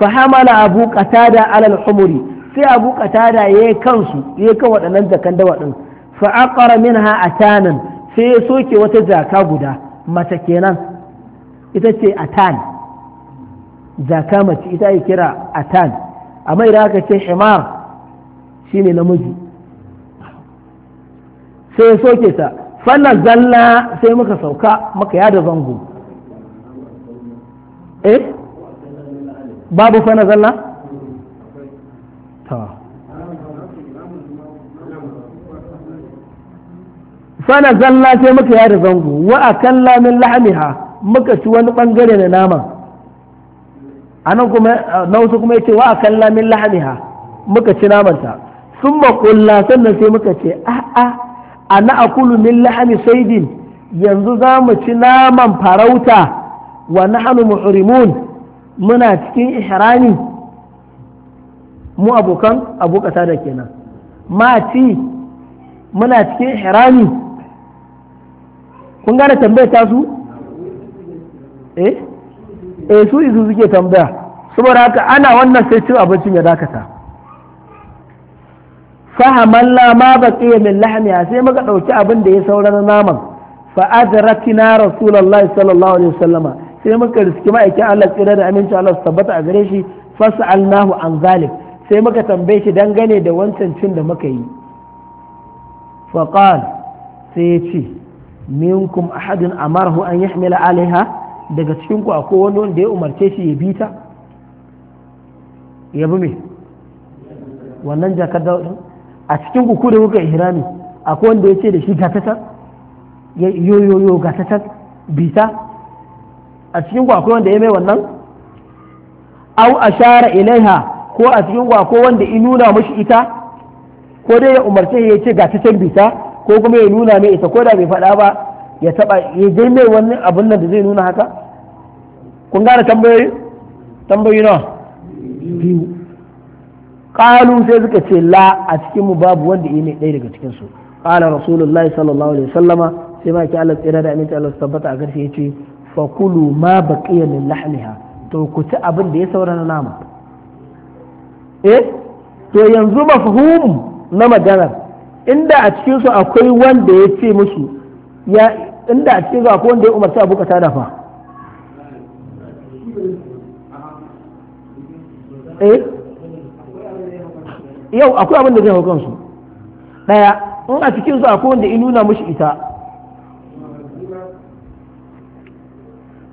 fa hamala abu qatada ala al humuri sai abu qatada yayi kansu yayi kan wadannan jakan da wadin fa aqara minha atanan sai ya soke wata jaka guda mata kenan ita ce atani jaka mace ita ya kira atan amma idan aka ce himar shi ne namiji sai ya soke ta fannan zalla sai muka sauka muka yada zango eh babu fanna zalla ta fanna zalla sai muka yada zango wa akalla min lahmiha muka ci wani bangare na naman anan kuma na wasu kuma yace wa kalla min lahmiha muka ci namanta sun maƙulla sannan sai muka ce a'a ana akulu min lahmi saidin yanzu za mu ci naman farauta wa nahnu muhrimun muna cikin ihrami mu abokan abokata da kenan ma ci muna cikin ihrami kun gane tambayar ta su eh e su isu suke tambaya saboda haka ana wannan sai cin abincin ya dakata fahamalla ma baqiya min lahmiha sai muka dauki abin da ya saura na naman fa adrakna rasulullahi sallallahu alaihi wasallama sai muka riski ma'aikin Allah tsira da aminci Allah su tabbata a gare shi fas'alnahu an zalik sai muka tambaye shi dangane da wancan cin da muka yi fa qala sai ya ce minkum ahadin amarhu an yahmila alaiha daga cikin ku akwai wani wanda ya umarce shi ya bita ya bi me wannan jakar da a cikin ku kuda kuka ihrami akwai wanda ya ce da shi gatatar yo yo yo gatatar bita a cikin ku akwai wanda ya mai wannan au ashara ilaiha ko a cikin ku akwai wanda ya nuna mashi ita ko dai ya umarce ya ce gatatar bita ko kuma ya nuna mai ita ko da bai faɗa ba ya taba ya je mai wani abin nan da zai nuna haka kun gane tambayoyi tambayoyi nawa biyu qalu sai suka ce la a cikin mu babu wanda yi ne ɗaya daga cikin su qala rasulullahi sallallahu alaihi wasallama sai ma ki Allah tsira da aminci Allah tabbata a garfi yace fa kulu ma baqiya min lahmiha to ku ci abin da ya saura na nama eh to yanzu mafhum na maganar inda a cikin su akwai wanda ya ce musu ya inda a cikin su akwai wanda ya umarci abu ka tada fa Eh? yau akwai abin da zai hau kansu daya in a cikin su akwai wanda in nuna mushi ita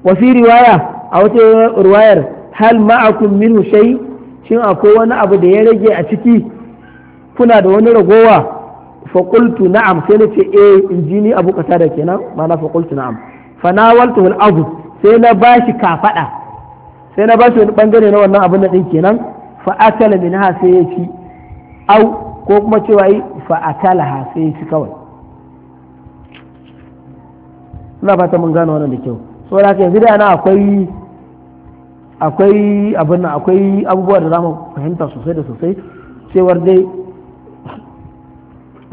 wasi riwaya a wata ruwayar hal ma'akun minhu shay shin akwai wani abu da ya rage a ciki kuna da wani ragowa fakultu na'am sai na nace eh injini abu da kenan ma na qultu na'am fa nawaltu abu sai na ba shi kafaɗa. sai na ba shi wani bangare na wannan abin din kenan fa akala minha sai ya ci au ko kuma cewa yi fa ha sai ya ci kawai ina fata mun gano wannan da kyau saboda haka yanzu da ana akwai akwai abin nan akwai abubuwa da zamu fahimta sosai da sosai cewar dai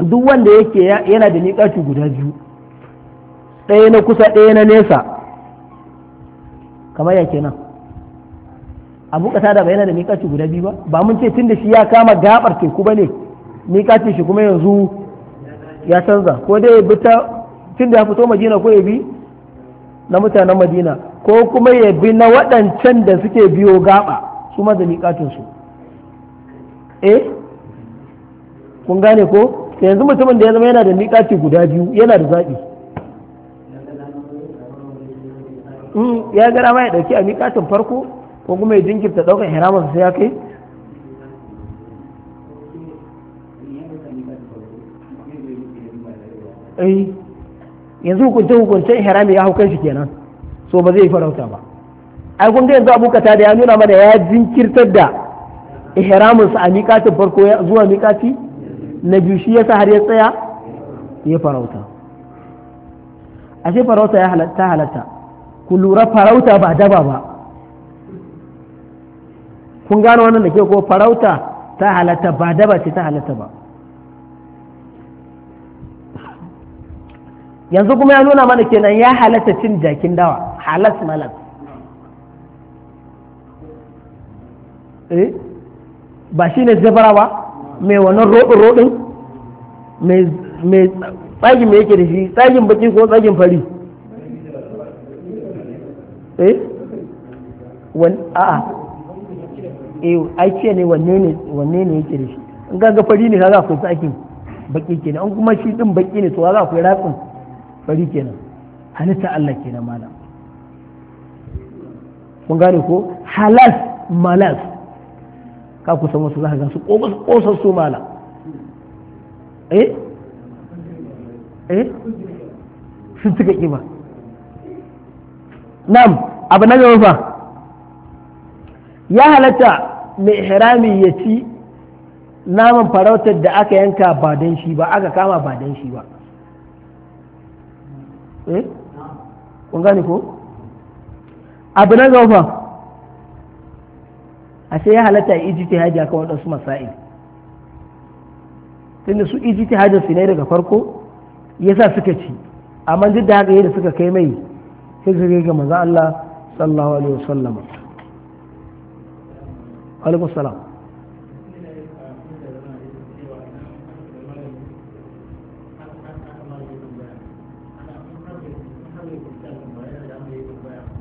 duk wanda yake yana da miƙaci guda biyu ɗaya na kusa ɗaya na nesa kamar ya kenan abu kasa da yana da miƙaci guda biyu ba ba mun ce tun da shi ya kama gabar teku ba ne miƙaci shi kuma yanzu ya canza ko dai ya bi ta tun da ya fito madina ko ya bi na mutanen madina ko kuma ya bi na waɗancan da suke biyo gaba su ma da miƙatinsu eh kun gane ko yanzu mutumin da ya zama yana da miƙaci guda biyu yana da zaɓi mm, ya gara ma ya ɗauki a miƙacin farko ko kuma ya jinkirta ɗaukar hiramarsa sai ya kai eh, yanzu hukunce hukuncen harami ya haukan shi kenan so ba zai farauta ba ai kun ga yanzu abokata da ya nuna mana ya jinkirtar da ihraminsa a miƙati farko zuwa miƙati na biyu shi yasa har ya tsaya ya farauta ashe farauta ya halatta halatta ku lura farauta ba daba ba kun gano wannan da ke ko farauta ta halatta ba daba ce ta halatta ba yanzu kuma ya nuna mana kenan ya halatta cin jakin dawa halas malas eh? ba shi ne zabara ba mai wannan roɗin roɗin mai tsagin mai yake da shi tsagin baki ko tsagin fari eh wani a'a eh ai ce ne wanne ne yake da shi in ga fari ne kaga akwai sakin baki kenan an kuma shi din baki ne to kaga akwai ratsin fari kenan halitta Allah kenan malam kun gane ko halas malas ka kusan wasu za a ga su kosar su mala eh eh sun cika kima nan abu na gaba fa ya halatta mai ihrami ya ci naman farautar da aka yanka ba don shi ba aka kama ba don shi ba eh kun gane ko abu na gaba a sai ya halatta ya ta hajji akan waɗansu masa'il tunda su ta hajji su ne daga farko ya sa suka ci amma duk da haka yadda suka kai mai sai su ga manzo Allah sallallahu alaihi wasallam alaikum salam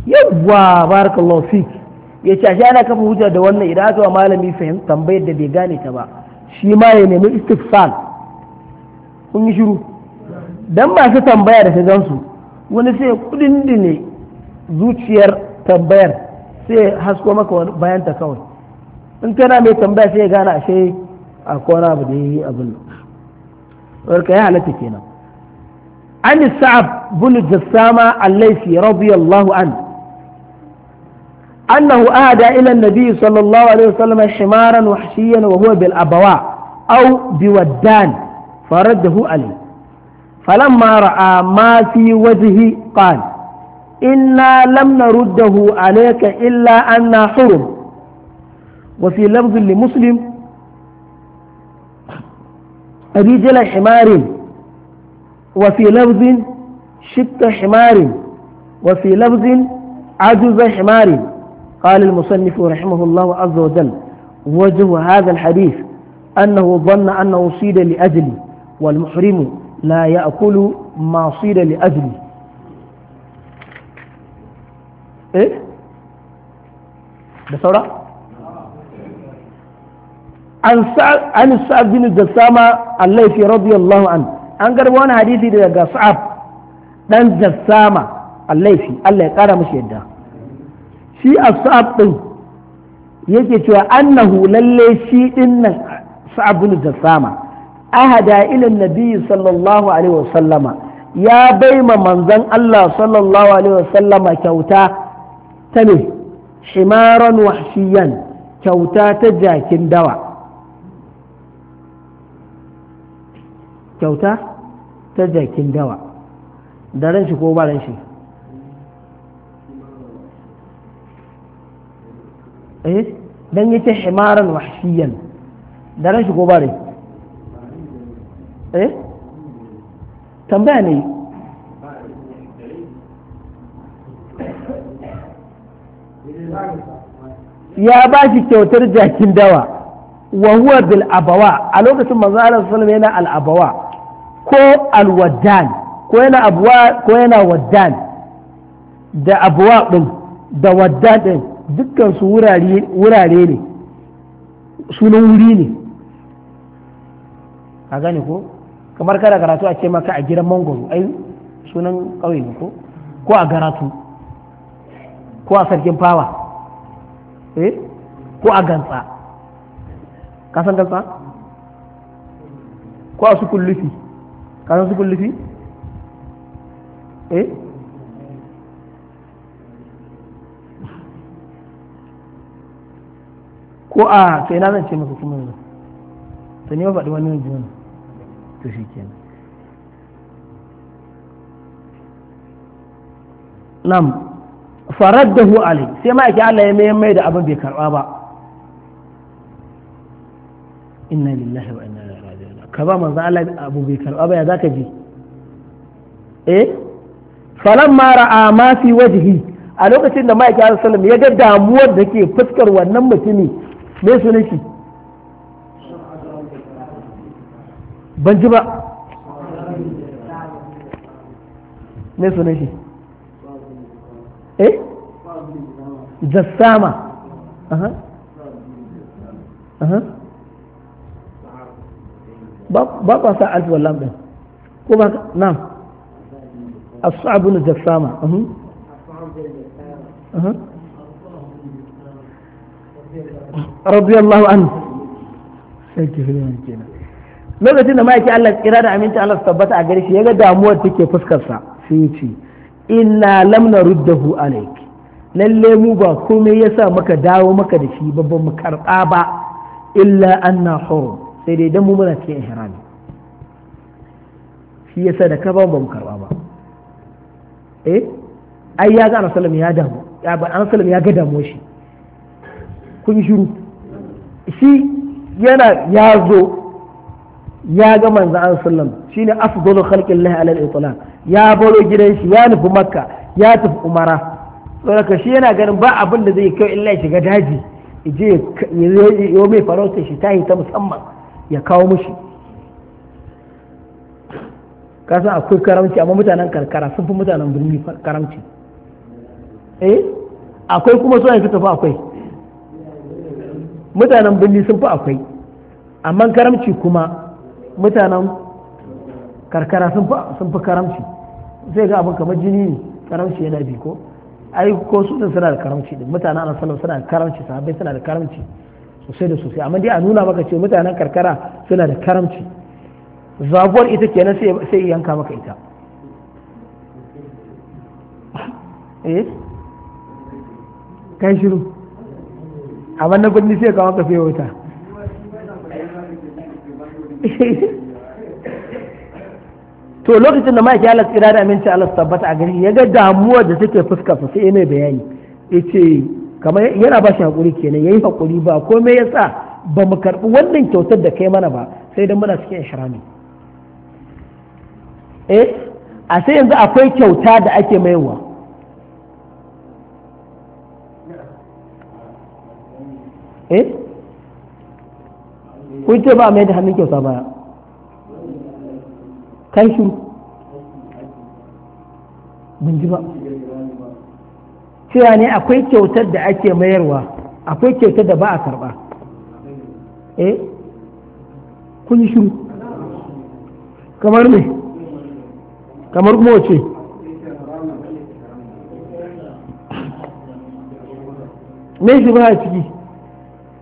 yabba barakallahu ya ce shi ana kafa hujja da wannan idan aka wa malami fahim tambayar da bai gane ta ba shi ma ya nemi istifsal kun yi shiru dan masu tambaya da ta gansu wani sai kudin ne zuciyar tambayar sai hasko maka bayan ta kawai in kana mai tambaya sai ya gane ashe a kona abu da yi abin warka ya halatta kenan an sa'ab bin jassama allaisi rabiyallahu an أنه أهدى إلى النبي صلى الله عليه وسلم حمارا وحشيا وهو بالأبواء أو بودان فرده عليه فلما رأى ما في وجهه قال إنا لم نرده عليك إلا أن حرم وفي لفظ لمسلم رجل حمار وفي لفظ شت حمار وفي لفظ عجز حمار قال المصنف رحمه الله عز وجل وجه هذا الحديث أنه ظن أنه صيد لأجلي والمحرم لا يأكل ما صيد لأجلي إيه؟ بسرعة an sa'ad bin jassama allaifi radiyallahu an an garba wani hadisi daga sa'ad dan jassama allaifi allah ya kara mashi yadda shi a sa'ad yake cewa annahu lalle shi din nan sa'ad ahada ila nabi sallallahu alaihi wasallama ya bai ma manzon allah sallallahu alaihi wasallama kyauta ta ne shimaran wahshiyan kyauta ta jakin dawa kyauta ta jakin dawa da ran shi ko ba ran shi eh dan yace himaran wahshiyan da ran shi ko ba rai eh tambaya ne ya ba shi kyautar jakin dawa wa huwa bil abawa a lokacin manzo Allah sallallahu alaihi wasallam yana al abawa ko alwaddan ko yana abuwa ko yana waddan da abuwa din da waddan din dukkan su wurare wurare ne sunan wuri ne a gane ko kamar kada karatu a ce maka a gidan mangoro ai sunan kauye ne ko ko a garatu ko a sarkin fawa eh ko a gantsa ka san gantsa ko a su kullufi kasan su kullufi? eh? ko a sai na zance maka kuma yanzu ta ne faɗi wani yanzu wani to shi kenan da hu alai sai ma ake Allah ya mai mai da abin bai karɓa ba inna lillahi wa ka ba manzo Allah abu bai karba ba ya zaka ji eh falamma ra'a ma fi wajhi a lokacin da Allah sallallahu alaihi wasallam ya ga damuwar da ke fuskar wannan mutumi me su nake ban ji ba me su nake eh jassama aha aha ba ba sa alif wallam din ko ba na'am as-sa'ab bin jassama radiyallahu anhu sai ki fiye kenan lokacin da ma'aiki Allah kira da aminci Allah su tabbata a gare shi yaga damuwar take fuskarsa sai ya ce inna lam naruddahu alayk lalle mu ba komai yasa muka dawo maka da shi babban mu karba ba illa anna hurum sai dai dan mu muna cikin ihrami shi yasa da ka ba mu karba ba eh ai ya ga annabi ya damu ya ba annabi ya ga damu shi kun shiru shi yana ya zo ya ga manzo an sallam shine afdalu llahi ala al-itlaq ya baro gidan shi ya nufi makka ya tafi umara saboda shi yana ganin ba abin da zai kai illa shiga daji je ya mai farauta shi ta yi ta musamman ya kawo mushi kasan akwai karamci amma mutanen karkara sun fi mutanen birni karamci eh akwai kuma suna fi tafi akwai mutanen birni sun fi akwai amma karamci kuma mutanen karkara sun fi karamci zai ga abin kamar jini ne karamci yana bi ko ai ko su suna da karamci mutanen ana suna da karamci sahabbai suna da karamci sosai da sosai amma dai a nuna maka ce mutanen karkara suna da karamci zabuwar ita kenan sai yanka maka ita eh kai shiru amma na birni sai kawo kafe wuta to lokacin da ma'aiki Allah tsira da aminci Allah tabbata a gari ya ga damuwar da take fuska sosai ya mai bayani ya ce kamar yana ba shi hakuri kenan yayi hakuri ba komai yasa ba mu karbi wannan kyautar da kai mana ba sai dan muna cikin ihrami eh a sai yanzu akwai kyauta da ake maiwa eh kun ce ba mai da hannun kyauta baya kai shi mun ji ba cewa ne akwai kyautar da ake mayarwa akwai kyautar da ba a karba eh kun yi shiru kamar me kamar kuma wace me shi ba a ciki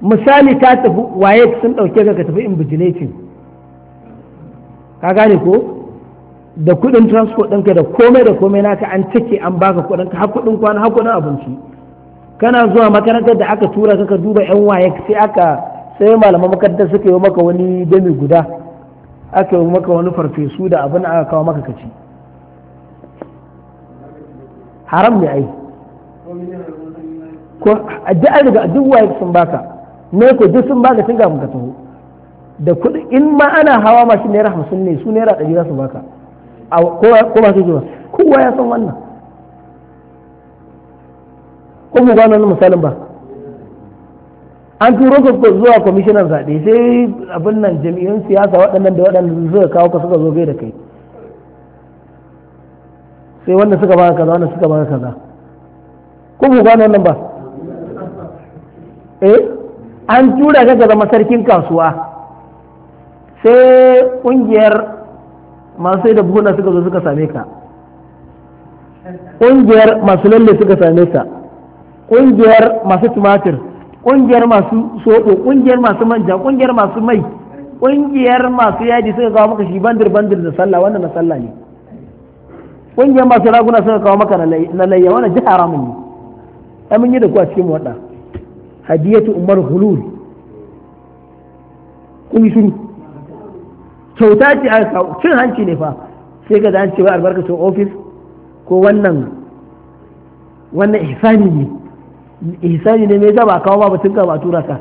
misali ta tafi waye sun ɗauke ka ka tafi invigilating ka gane ko da kuɗin transport ɗinka da komai da komai naka an cike an baka kuɗin ka kuɗin kwana har kuɗin abinci kana zuwa makarantar da aka tura ka duba yan waye sai aka sai malaman makarantar suka yi maka wani dami guda aka yi maka wani farfesu da abin aka kawo maka kaci haram ne ai ko a da riga duk waye sun baka ne ko duk sun baka tun mun ka taho da kuɗi in ma ana hawa mashin naira hamsin ne su naira ɗari za su baka ko ba su ba kowa ya san wannan ko mu gano wannan misalin ba an turo ka zuwa kwamishinan zaɓe sai abin nan jami'in siyasa waɗannan da waɗannan suka kawo ka suka zo bai da kai sai wanda suka baka kaza wanda suka baka kaza ko mu gano wannan ba eh an tura ka ga zama sarkin kasuwa sai ƙungiyar masu sai da buhuna suka zo suka same ka ƙungiyar masu lalle suka same ka ƙungiyar masu tumatir ƙungiyar masu soɓo ƙungiyar masu manja ƙungiyar masu mai ƙungiyar masu yaji suka kawo maka shi bandir bandir da sallah wannan na sallah ne ƙungiyar masu raguna suka kawo maka na layya wannan ji haramun ne ai mun yi da ku a cikin waɗa hadiyatu umar hulul kun yi kyauta ce a cin hanci ne fa sai ga an cewa albarkacin ofis ko wannan wannan ihsani ne ihsani ne mai zaba kawo ba batun ka ba tura ka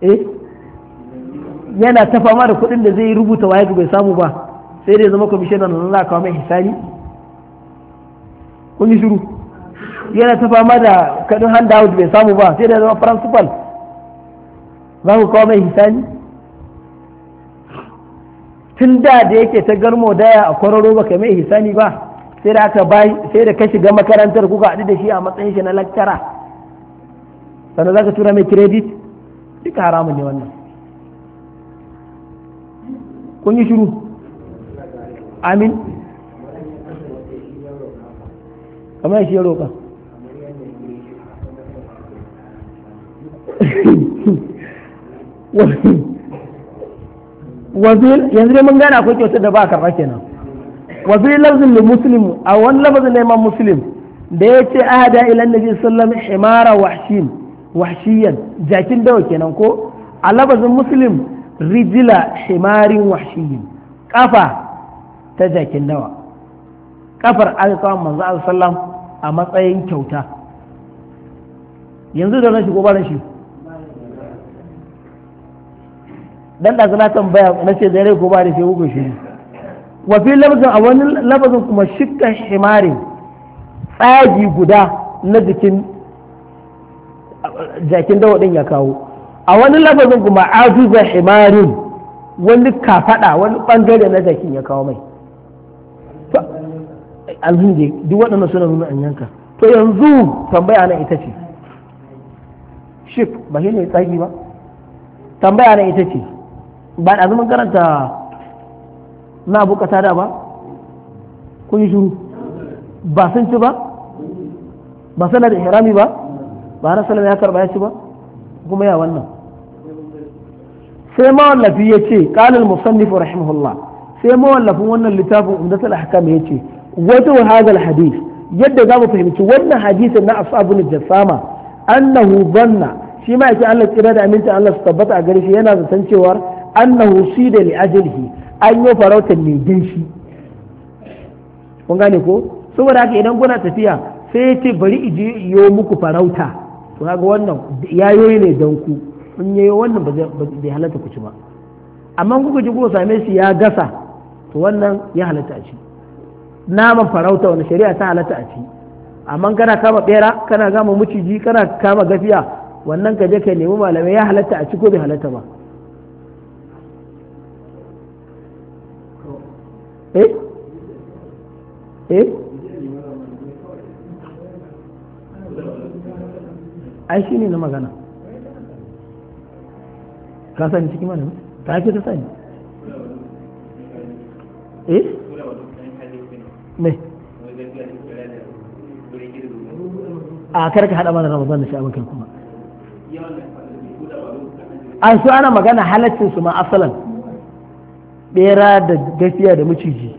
eh yana ta fama da kuɗin da zai rubuta waye bai samu ba sai dai zama kwamishinan nan za kawo mai ihsani kun yi shiru yana ta fama da kadin handout bai samu ba sai dai zama principal za ku kawo mai ihsani tun da da yake ta garmo daya a kwararo baka mai hisani ba sai da aka bai sai da ka shiga makarantar kuka haɗu da shi a matsayin shi na lakcara sannan za ka tura mai kredit duka haramun ne wannan kun yi shiru amin kamar shi ya roƙa wani yanzu dai mun gane akwai kyautar da ba a karɓa kenan wa fi lafzin da muslim a wani lafazin da imam muslim da ya ce ahada ila nabi sallam himara wahshin wahshiyan jakin dawa kenan ko a lafazin muslim rijila himarin wahshiyin kafa ta jakin dawa kafar tsawon kawo manzo sallam a matsayin kyauta yanzu da nan shi ko ba shi dan da na tambaya na ce da rai ko ba da ke hukun shi wa fi a wani lafazin kuma shikka himari tsagi guda na jikin jakin dawo ya kawo a wani lafazin kuma ajuza himarin wani kafada wani bangare na jakin ya kawo mai alhunde duk waɗannan suna nuna an yanka to yanzu tambaya na ita ce shif ba shi ne tsagi ba tambaya na ita ce ba da zama karanta na bukata da ba kun yi shuru ba sun ci ba ba sanar da hirami ba ba na salama ya karba ya ci ba kuma ya wannan sai mawallafi ya ce kalin musannifu rahimahullah sai mawallafin wannan littafin umdatul ahkam ya ce wata hadal hadith yadda za mu fahimci wannan hadisin na ashabun jassama annahu zanna shi ma yake Allah tsira da aminta Allah su tabbata a gare shi yana zaton cewar annahu sida li ajlihi an yi farautar mai shi kun gane ko saboda haka idan kuna tafiya sai ya ce bari iji yo muku farauta to kaga wannan yayoyi ne don ku in yayo wannan ba zai halatta ku ci ba amma kuka ji kuka same shi ya gasa to wannan ya halatta a ci naman farauta wani shari'a ta halatta a ci amma kana kama bera kana kama muciji kana kama gafiya wannan ka je ka nemi malamai ya halatta a ci ko bai halatta ba eh, eh? na magana ka sani ciki mana ta ke ta sani eh me a karka hada mana ramadan da kuma an su ana magana halaccin su ma asalan bera da gafiya da maciji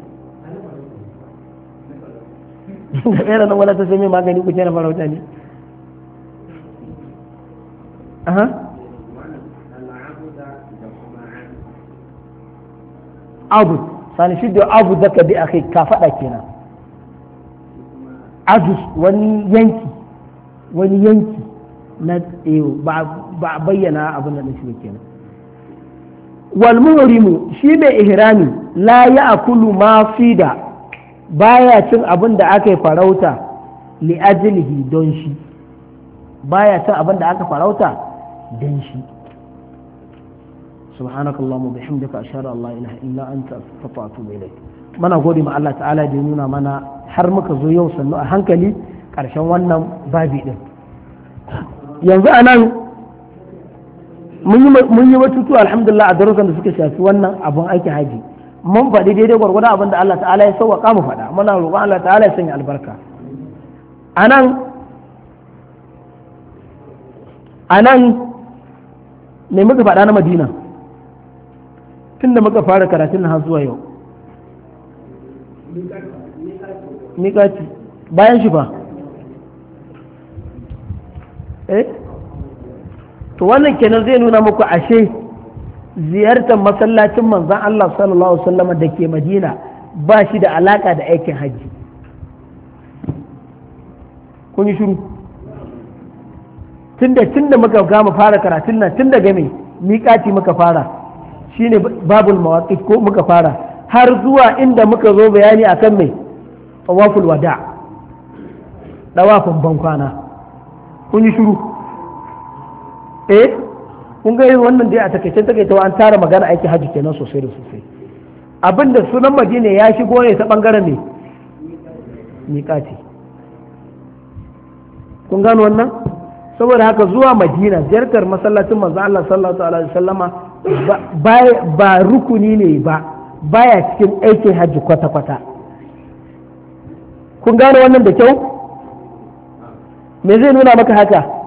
da bera nan wala ta sai mai magani kuke na farauta ne aha abu sani shi da abu da ka bi a kai ka faɗa kenan azus wani yanki wani yanki na eh, ba bayyana abin da shi kenan wal muhrimu shi mai ihrami la ya'kulu ma fida baya cin abin da aka farauta li ajlihi don shi baya cin abin da aka farauta don shi سبحانك اللهم وبحمدك أشهد أن لا إله إلا أنت أستغفرك وأتوب إليك mana gode ma Allah ta'ala da nuna mana har muka zo yau sannu a hankali karshen wannan babi din yanzu anan. mun yi batutu alhamdulillah a darussan da suka shafi wannan abun aikin haji mun faɗi daidai gwargwadon abin da Allah ta'ala ya sauwaƙa mu faɗa muna roƙon Allah ta'ala ya sanya albarka anan anan me muka faɗa na madina tun da muka fara karatun har zuwa yau bayan shi fa eh to wannan kenan zai nuna muku ashe ziyartar masallacin manzan Allah sallallahu alaihi wasallam da ke Madina ba shi da alaka da aikin hajji kun yi shiru tunda tunda muka gama fara karatun nan tun daga ni miƙati muka fara shine babul mawaqif ko muka fara har zuwa inda muka zo bayani akan mai tawaful wada dawafin bankwana kun yi shiru eh kun ga wannan dai a takaice takaitawa an tara magana aiki hajji kenan sosai da sosai abinda sunan madina ya shigo ne ta bangaren ne miƙati kun gano wannan saboda haka zuwa madina ziyartar masallacin manzo Allah sallallahu alaihi wasallama ba ba rukuni ne ba baya cikin aikin hajji kwata kwata kun gano wannan da kyau me zai nuna maka haka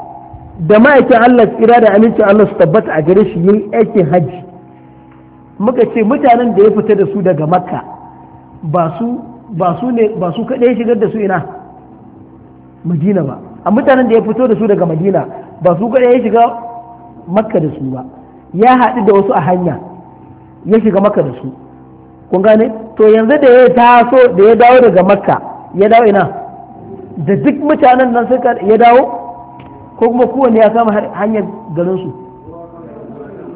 da ma'aikin Allah tsira da amincin Allah su tabbata a gare shi yin aikin hajji muka ce mutanen da ya fita da su daga makka ba su ba su ne ba su kaɗai shigar da su ina madina ba a mutanen da ya fito da su daga madina ba su kaɗai ya shiga makka da su ba ya haɗu da wasu a hanya ya shiga makka da su kun gane to yanzu da ya taso da ya dawo daga makka ya dawo ina da duk mutanen nan suka ya dawo ko kuma kowanne ya kama hanyar garinsu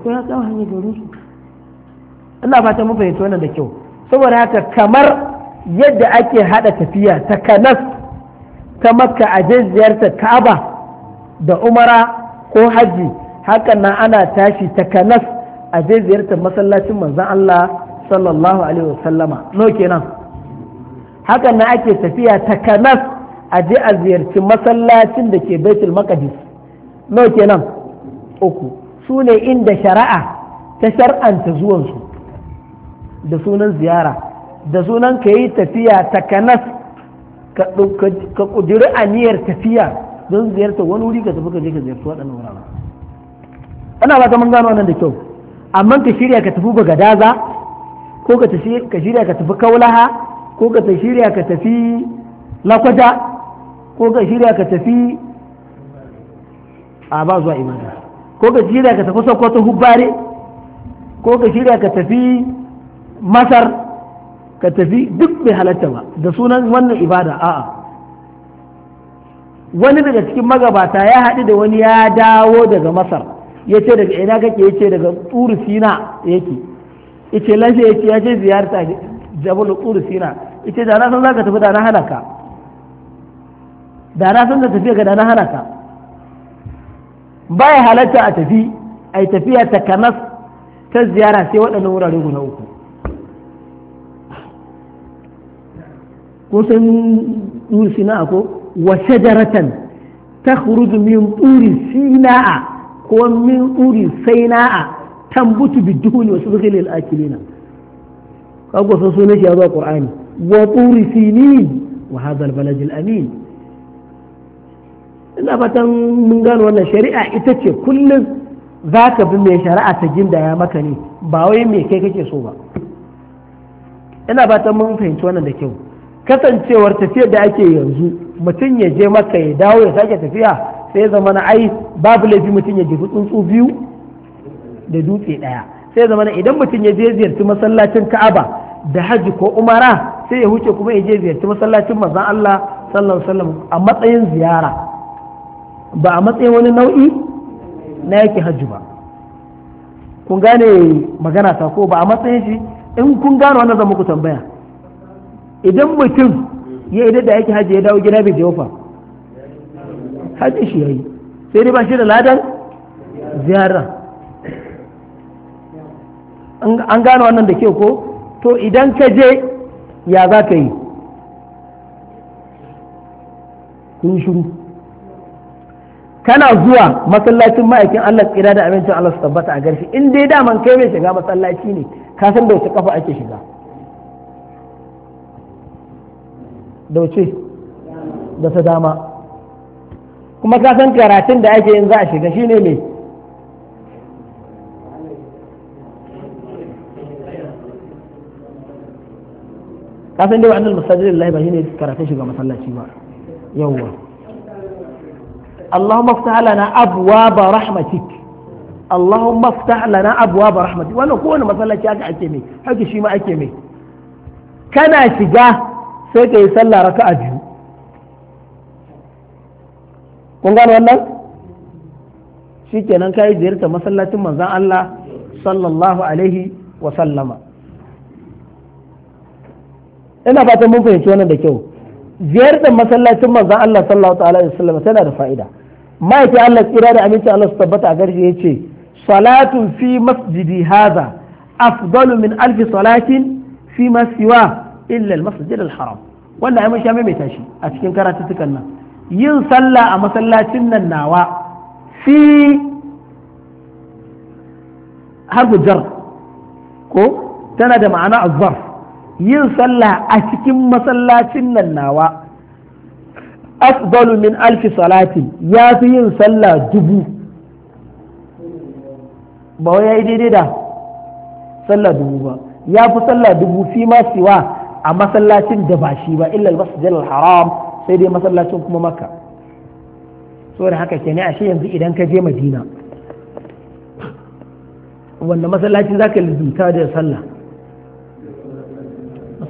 ko ya hanyar su ina fata mun fahimci wannan da kyau saboda haka kamar yadda ake hada tafiya ta kanas ta makka a je ziyartar ka'aba da umara ko hajji hakan nan ana tashi ta kanas a je ziyartar masallacin manzon Allah sallallahu alaihi wasallama no kenan hakan nan ake tafiya ta kanas a je a ziyarci masallacin da ke baitul maqdis nawa kenan uku su ne inda shari'a ta shar'anta zuwansu da sunan ziyara da sunan ka yi tafiya ta kanas ka kudiri aniyar tafiya don ziyarta wani wuri ka tafi ka je ka ziyarci waɗannan wuraren ana ba ta mun gano nan da kyau amma ka shirya ka tafi daza, ko ka shirya ka tafi kaulaha ko ka shirya ka tafi lakwaja ko ka shirya ka tafi a ba zuwa imada ko ka shirya ka tafi sokoto hubbare ko ka shirya ka tafi masar ka tafi duk mai halatta ba da sunan wannan ibada a'a wani daga cikin magabata ya haɗu da wani ya dawo daga masar ya ce daga ina kake ya ce daga tsuru sina yake ya ce lashe ya ce ziyarta jabal tsuru sina ya ce da na san za ka tafi da na halaka da na san da tafiya ga da na hana ka baya halatta a tafi a tafiya ta kanas ta ziyara sai waɗannan wurare guda uku kusan ɗuri sina'a ko wa shajaratan ta min ɗuri sina'a ko min ɗuri saina'a tambutu biduhuni wasu zuke lil akilina kago sun sunan shi ya zuwa qur'ani wa ɗuri sinin wa hadha al amin ina fatan mun gano wannan shari'a ita ce kullum za ka bi mai shari'a ta da ya maka ne ba wai mai kai kake so ba ina fatan mun fahimci wannan da kyau kasancewar tafiyar da ake yanzu mutum ya je maka ya dawo ya sake tafiya sai ya zama na ai babu laifi mutum ya jefi tsuntsu biyu da dutse ɗaya sai ya zama na idan mutum ya je ziyarci masallacin ka'aba da hajji ko umara sai ya huce kuma ya je ziyarci masallacin manzon Allah sallallahu alaihi wasallam a matsayin ziyara ba a matsayin wani nau'i na yake hajji ba kun gane magana ta ko ba a matsayin shi in kun gane wannan zan muku tambaya idan mutum ya idan da yake hajji ya dawo gida bai jefa hajji shi yayi sai dai ba shi da ladan ziyara an gane wannan da kyau ko to idan ka je ya za ka yi kun shuru. kana zuwa masallacin ma'aikin Allah tsira da abincin Allah su tabbata a garshi in dai daman kai mai shiga masallaci ne ka san da wace kafa ake shiga da wace da ta dama kuma ka san karatun da ake yin za a shiga shine mai ka san dai wa'annan masallacin Allah ba shine karatun shiga masallaci ba yawwa اللهم افتح لنا sai رحمتك اللهم افتح لنا أبواب رحمتك وانا كون مثلا حكي شي ما كان ركعة جو kun gano wannan shi kenan ka yi ziyarta masallacin manzan Allah sallallahu alaihi wa sallama ina fatan mun fahimci wannan da kyau ziyartar masallacin manzan Allah sallallahu da sallama tana da fa'ida ma'aikin Allah tsira da aminci Allah su tabbata a garje ya ce salatun fi masjidi haza afdalu min alfi salatin fi masiwa illa masjid al-haram wannan ai mun sha mai tashi a cikin karatuttukan nan yin sallah a masallacin nan nawa fi harfu ko tana da ma'ana azzar yin sallah a cikin masallacin nan nawa afdalu min alfi salatin ya fi yin sallah dubu ba wai yi daidai da sallah dubu ba ya fi sallah dubu fi ma siwa a masallacin da ba shi ba illa al-masjid al-haram sai dai masallacin kuma makka saboda haka kenan ashe yanzu idan ka je madina wanda masallaci zaka lizuta da sallah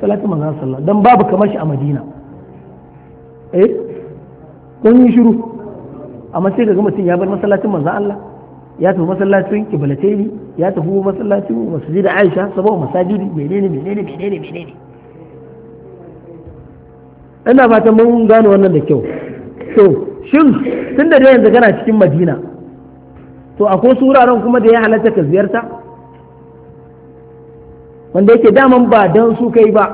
salatin manzon sallah dan babu kamar shi a madina eh don yi shiru amma sai kaga mutum ya bar masallacin manzon Allah ya tafi masallacin kiblataini ya tafi masallacin masjid Aisha sabo masajidi menene menene menene menene ina fatan mun gano wannan da kyau to shin tun da yanzu kana cikin madina to akwai suraren kuma da ya halatta ka ziyarta wanda yake daman ba don su kai ba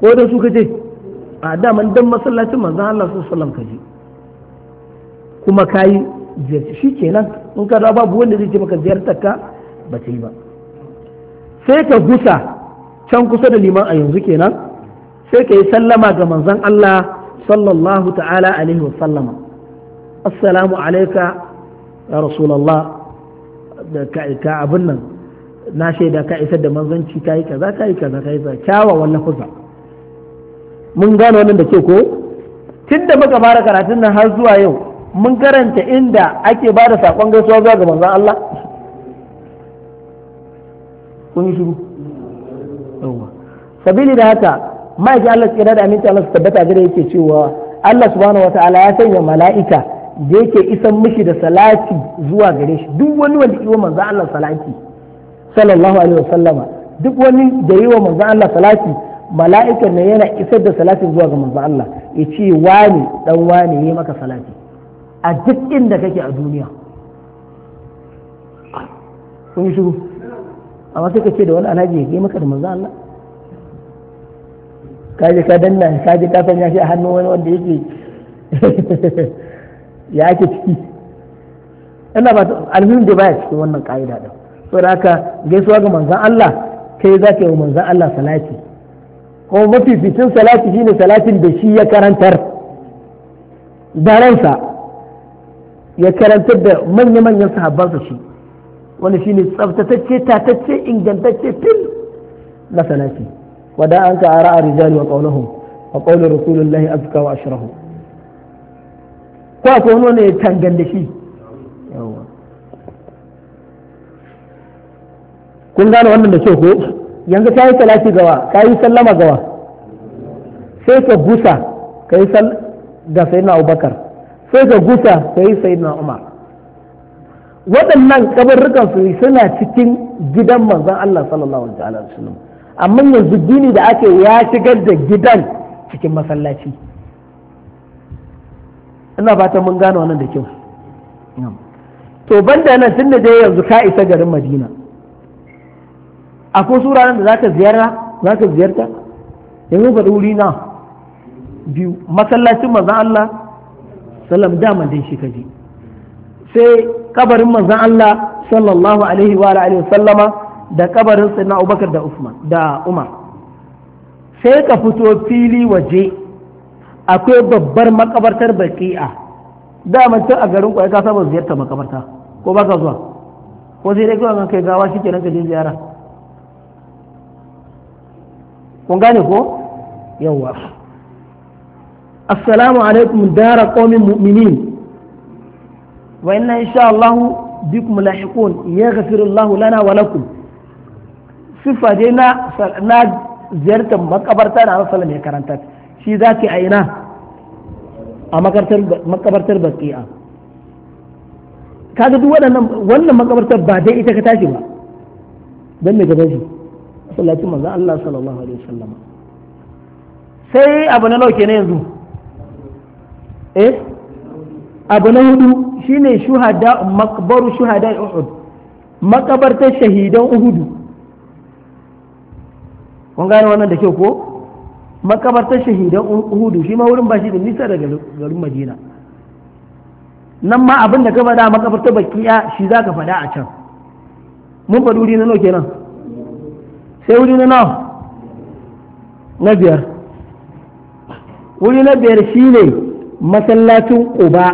ko don su kaje a daman don masallacin manzan Allah su sallam ka je kuma ka yi ziyarci shi kenan in ka babu wanda zai ce maka ziyartar ka ba ta yi ba sai ka gusa can kusa da liman a yanzu kenan sai ka yi sallama ga manzan Allah sallallahu ta'ala alaihi wa sallama assalamu alaika ya rasulallah da ka abin nan na shaida ka isar da manzanci ka yi kaza ka yi kaza ka yi kaza kyawa kyawawan kusa mun gano wannan da ke ko tun da muka fara karatun nan har zuwa yau mun karanta inda ake ba da saƙon gaisuwa zuwa ga manzan Allah kun yi shiru yawa sabili da haka ma'aikin Allah su da aminci Allah su tabbata gare yake cewa Allah subhanahu wataala ya sanya mala'ika da yake isan mishi da salati zuwa gare shi duk wani wanda iwa manzan Allah salati sallallahu alaihi sallama duk wani da yi wa manzo Allah salati mala'ika ne yana isar da salatin zuwa ga manzo Allah ya ce wani dan wani yi maka salati a duk inda kake a duniya kun yi shiru amma sai ka ce da wani alhaji ya yi maka da manzo Allah ka je ka danna ka je ka sanya shi a hannun wani wanda yake ya ake ciki ina ba alhamdulillah baya cikin wannan ka'ida din saboda haka gaisuwa ga manzan Allah kai za ka yi manzan Allah salati kuma mafificin salati shine salatin da shi ya karantar da ransa ya karantar da manya-manyan sahabbansa shi wani shine tsaftatacce tatacce ingantacce fil na salati wada an ka ara a rijali wa qaulahum wa qaulu rasulullahi azka wa ashrahu ko akwai wani ne tangan da shi kun gane wannan da kyau ko yanzu ka yi talaki gawa ka yi sallama gawa sai ka gusa ka yi sal ga na abubakar sai ka gusa ka yi na umar waɗannan kabarrukan su suna cikin gidan manzan Allah sallallahu alaihi wasallam amma yanzu gini da ake ya shigar da gidan cikin masallaci ina fata mun gane wannan da kyau to banda nan tun da dai yanzu ka isa garin madina akwai sura nan da za ziyara, ziyarta ka ziyarta yanzu eh, faɗi wuri na biyu masallacin manzan Allah sallam da mandan shi kaji sai kabarin manzan Allah sallallahu alaihi wa alihi sallama da kabarin sayyidina Abubakar da Usman da Umar sai ka fito fili waje akwai babbar makabartar baki'a dama tun a garin kwaya ka saba ziyarta makabarta ko ba ka zuwa ko sai dai kawai kai gawa shi kenan ka je ziyara kun gane ko yawwa assalamu alaikum dara qaumin mu'minin wa inna insha Allah bikum lahiqun yaghfiru Allah lana wa lakum sifa dai na na ziyartar makabarta na Rasul mai karanta shi zaki a ina a makabartar Baqi'a kaga duk wannan wannan makabartar ba dai ita ka tashi ba dan me gaba shi masallacin manzo Allah sallallahu alaihi wasallam sai abu na nauke ne yanzu eh abu na hudu shine shuhada makbaru shuhada uhud makabartar shahidan uhudu kun gane wannan da kyau ko makabartar shahidan uhudu shi ma wurin bashi da nisa daga garin madina nan ma abin da ka faɗa makabartar bakiya shi za ka faɗa a can mun faɗi wuri na nau kenan sai wuri na nawa na biyar wuri na biyar shine masallacin ƙuba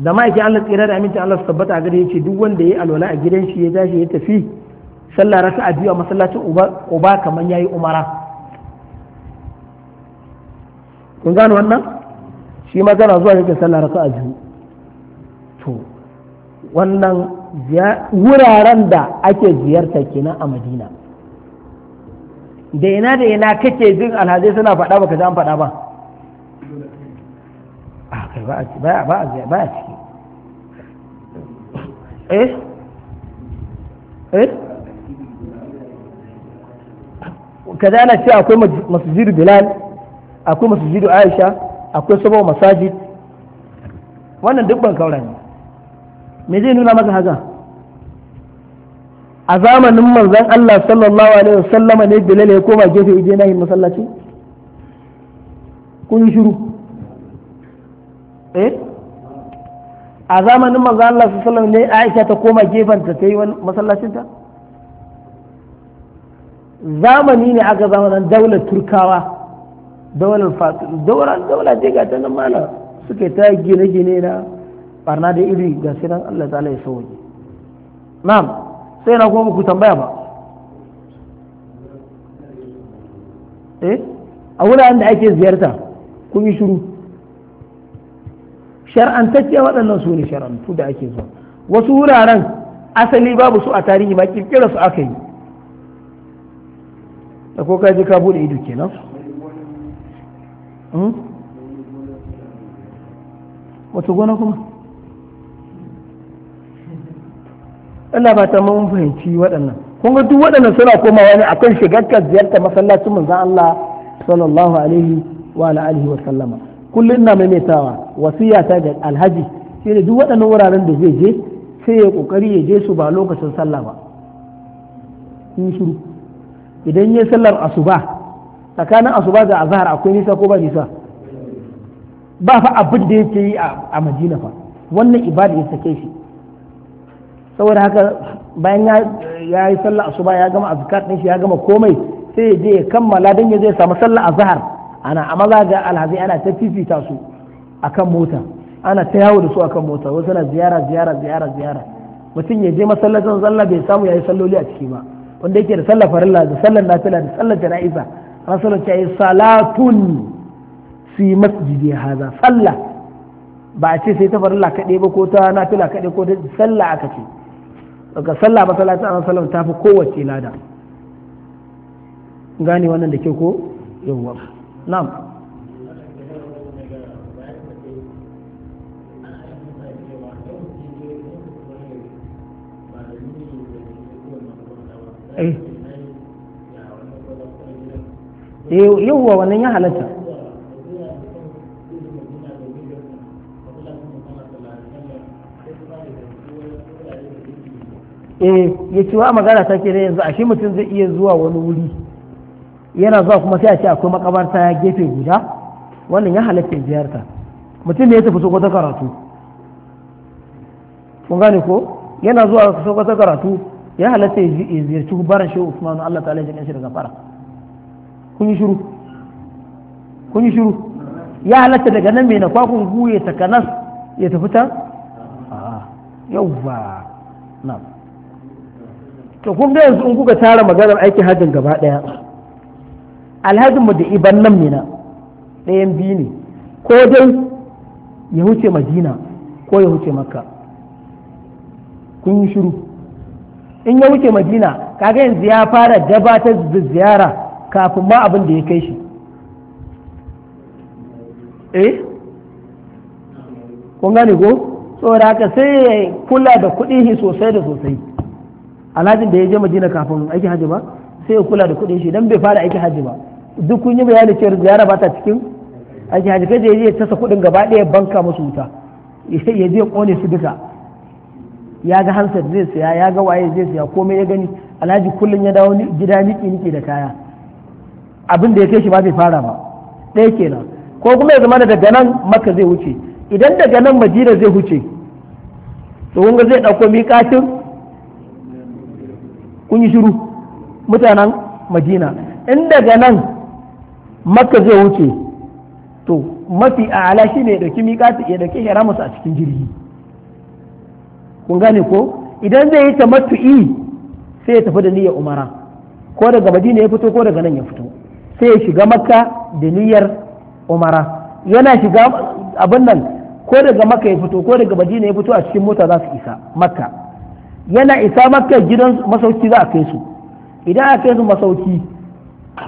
da ma'aikin Allah tsira da aminci Allah su tabbata a ya ce duk wanda ya alwala a gidan shi ya tashi ya tafi sallah rasa a biyu a masallacin uba kamar yi umara kun gano wannan shi ma kana zuwa yake sallah rasa a biyu to wannan wuraren da ake ziyarta kenan a madina da ina da ina kake jin alhazai suna faɗa ba ka an faɗa ba ba a ciki eh eh kaza ana ce akwai masjidu bilal akwai masjidu aisha akwai sabon masajid wannan duk ban kaura ne me zai nuna maka haka a zamanin manzon Allah sallallahu alaihi wasallama ne bilal ya koma gefe ije nahi masallaci kun yi shiru eh a zamanin manzon Allah sallallahu alaihi wasallam ne Aisha ta koma gefen ta yi masallacin ta zamani ne aka zamanin daular turkawa daular fatu daular daular ce ga ta nan mana suke ta gine-gine na barna da iri ga sinan Allah ta'ala ya sauke na'am sai na kuma muku tambaya ba eh a wuraren da ake ziyarta kun yi shiru ce waɗannan su ne shar'antu da ake zuwa wasu wuraren asali babu su a tarihi ba kirkira su aka yi da ko kaji ka bude ido kenan hmm? wata gona kuma Allah ba ta mun fahimci waɗannan kun ga duk waɗannan suna komawa ne akan shigarka ziyarta masallacin manzon Allah sallallahu alaihi wa alihi wa sallama kullum ina maimaitawa wasiya ta ga alhaji shine duk waɗannan wuraren da zai je sai ya kokari ya je su ba lokacin sallah ba in shiru idan ya sallar asuba tsakanin asuba da azhar akwai nisa ko ba nisa ba fa abin da yake yi a madina fa wannan ibada ya sake shi saboda haka bayan ya yi sallah asuba ya gama azkar din shi ya gama komai sai ya je ya kammala dan ya zai samu sallah azhar ana a maza ga alhazi ana ta fifita su akan mota ana ta yawo da su akan mota wasu na ziyara ziyara ziyara ziyara mutum ya je masallacin sallah bai samu ya yi salloli a ciki ba wanda yake da sallah farilla da sallar nafila da sallar jana'iza rasulun ta yi salatun fi masjidi haza sallah ba a ce sai ta farilla kaɗai ba ko ta nafila kaɗai ko ta sallah aka ce daga sallah ba masallacin annabi sallah ta fi kowace lada gani wannan da ke ko yawwa na'am eh. eh yawwa wannan ya halatta eh ya ce wa magana ta ke yanzu ashe mutum zai iya zuwa wani wuri yana zuwa kuma sai a ce akwai makabarta gefe guda wannan ya halatta ziyarta mutum ne ya tafi sokoto karatu kun gane ko yana zuwa sokoto karatu ya halatta ya ziyarci baran shehu usman Allah ta'ala ya shi daga fara kun yi shiru kun yi shiru ya halatta daga nan mai na kwakun guye takanas ya tafi ta yauwa na'am to kun ga yanzu in kuka tara maganar aikin hajjin gaba ɗaya? alhajin mu da iban nan mina ɗayan biyu ne ko dai ya wuce madina ko ya huce makka kun yi shiru in ya wuce madina kaga yanzu ya fara gabatar da ziyara kafin ma abin da ya kai shi eh kun gane ko saboda haka sai ya kula da kuɗi sosai da sosai alhajin da ya je madina kafin aiki hajji ba sai ya kula da kuɗin shi dan bai fara aiki hajji ba duk kun yi bayani cewa ziyara ba ta cikin aiki hajji kai ya tasa kuɗin gaba ɗaya banka musu wuta ya je ya kone su duka ya ga hansar zai siya ya ga waye zai siya komai ya gani alhaji kullum ya dawo gida niki niki da kaya abin da ya kai shi ba bai fara ba ɗaya kenan ko kuma ya zama da daga nan maka zai wuce idan daga nan madina zai wuce to ga zai ɗauko miƙatin kun yi shiru mutanen madina in daga nan makka zai wuce to mafi ala shi ne ɗauki miƙati ya ɗauki haramarsa a cikin jirgi kun gane ko idan zai yi ta matu’i sai ya tafi da niyyar umara ko daga madina ya fito ko daga nan ya fito sai ya shiga makka da niyyar umara yana shiga abin nan ko daga makka ya fito ko daga madina ya fito a cikin mota za su isa makka yana isa maka gidan masauki za a kai su idan a kai su masauki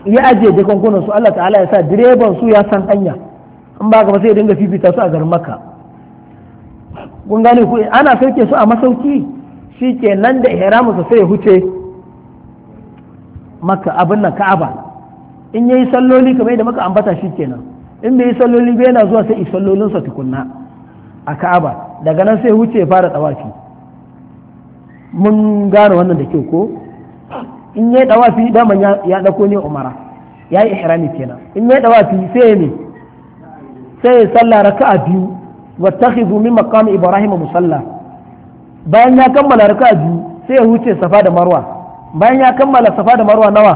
ya ajiye kuna su Allah ta'ala ya sa direban su ya san hanya in ba ka ba sai dinga fifita su a garin makka kun gane ku ana sauke su a masauki shi ke nan da ihramu su sai ya huce maka abin nan ka'aba in yayi salloli kamar da maka ambata shi kenan in bai yi salloli bai yana zuwa sai yi tukunna a ka'aba daga nan sai huce ya fara tsawafi mun gane wannan da kyau ko in ya dawafi daman ya dauko ne umara ya yi ihrami kenan in ya dawafi sai ne sai ya salla raka'a biyu wattakhidhu min maqami ibrahim musalla bayan ya kammala raka'a biyu sai ya huce safa da marwa bayan ya kammala safa da marwa nawa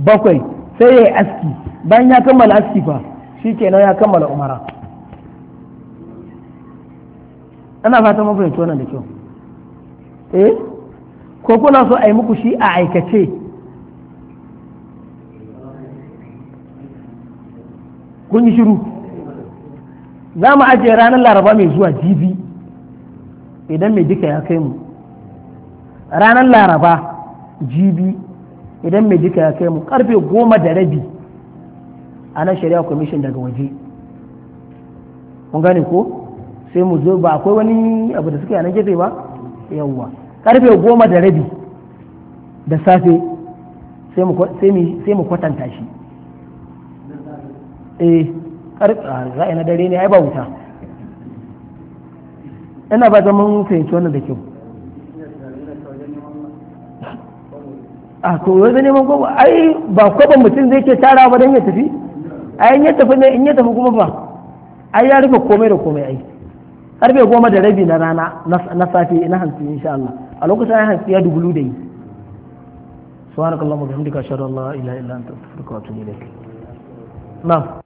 bakwai sai ya yi aski bayan ya kammala aski fa shikenan ya kammala umara ana fata mafi fahimci wannan da kyau eh ko kuna so a yi muku shi a aikace kun yi shiru za mu ajiye ranar laraba mai zuwa jibi idan mai duka ya kai mu ranar laraba jibi idan mai duka ya kai mu karfe goma da rabi a nan shari'a commission daga waje kun gane ko sai mu zo ba akwai wani abu da suka yi a nan gefe ba yawwa karfe goma da rabi da safe sai mu kwatanta shi eh ra'ayi na dare ne ai ba wuta ina ba mun fahimci wannan da kyau a ah, to yanzu neman gwamna ai ba kwabon mutum zai ke tara ba don ya tafi ai in ya tafi ne in ya tafi kuma ba ai ya rufe komai da komai ai karfe goma da rabi na rana na safe na hantsi insha Allah a lokacin ya hantsi ya dubulu da yi subhanakallahumma bihamdika ashhadu an allah ila ila anta astaghfiruka wa atubu ilaik na'am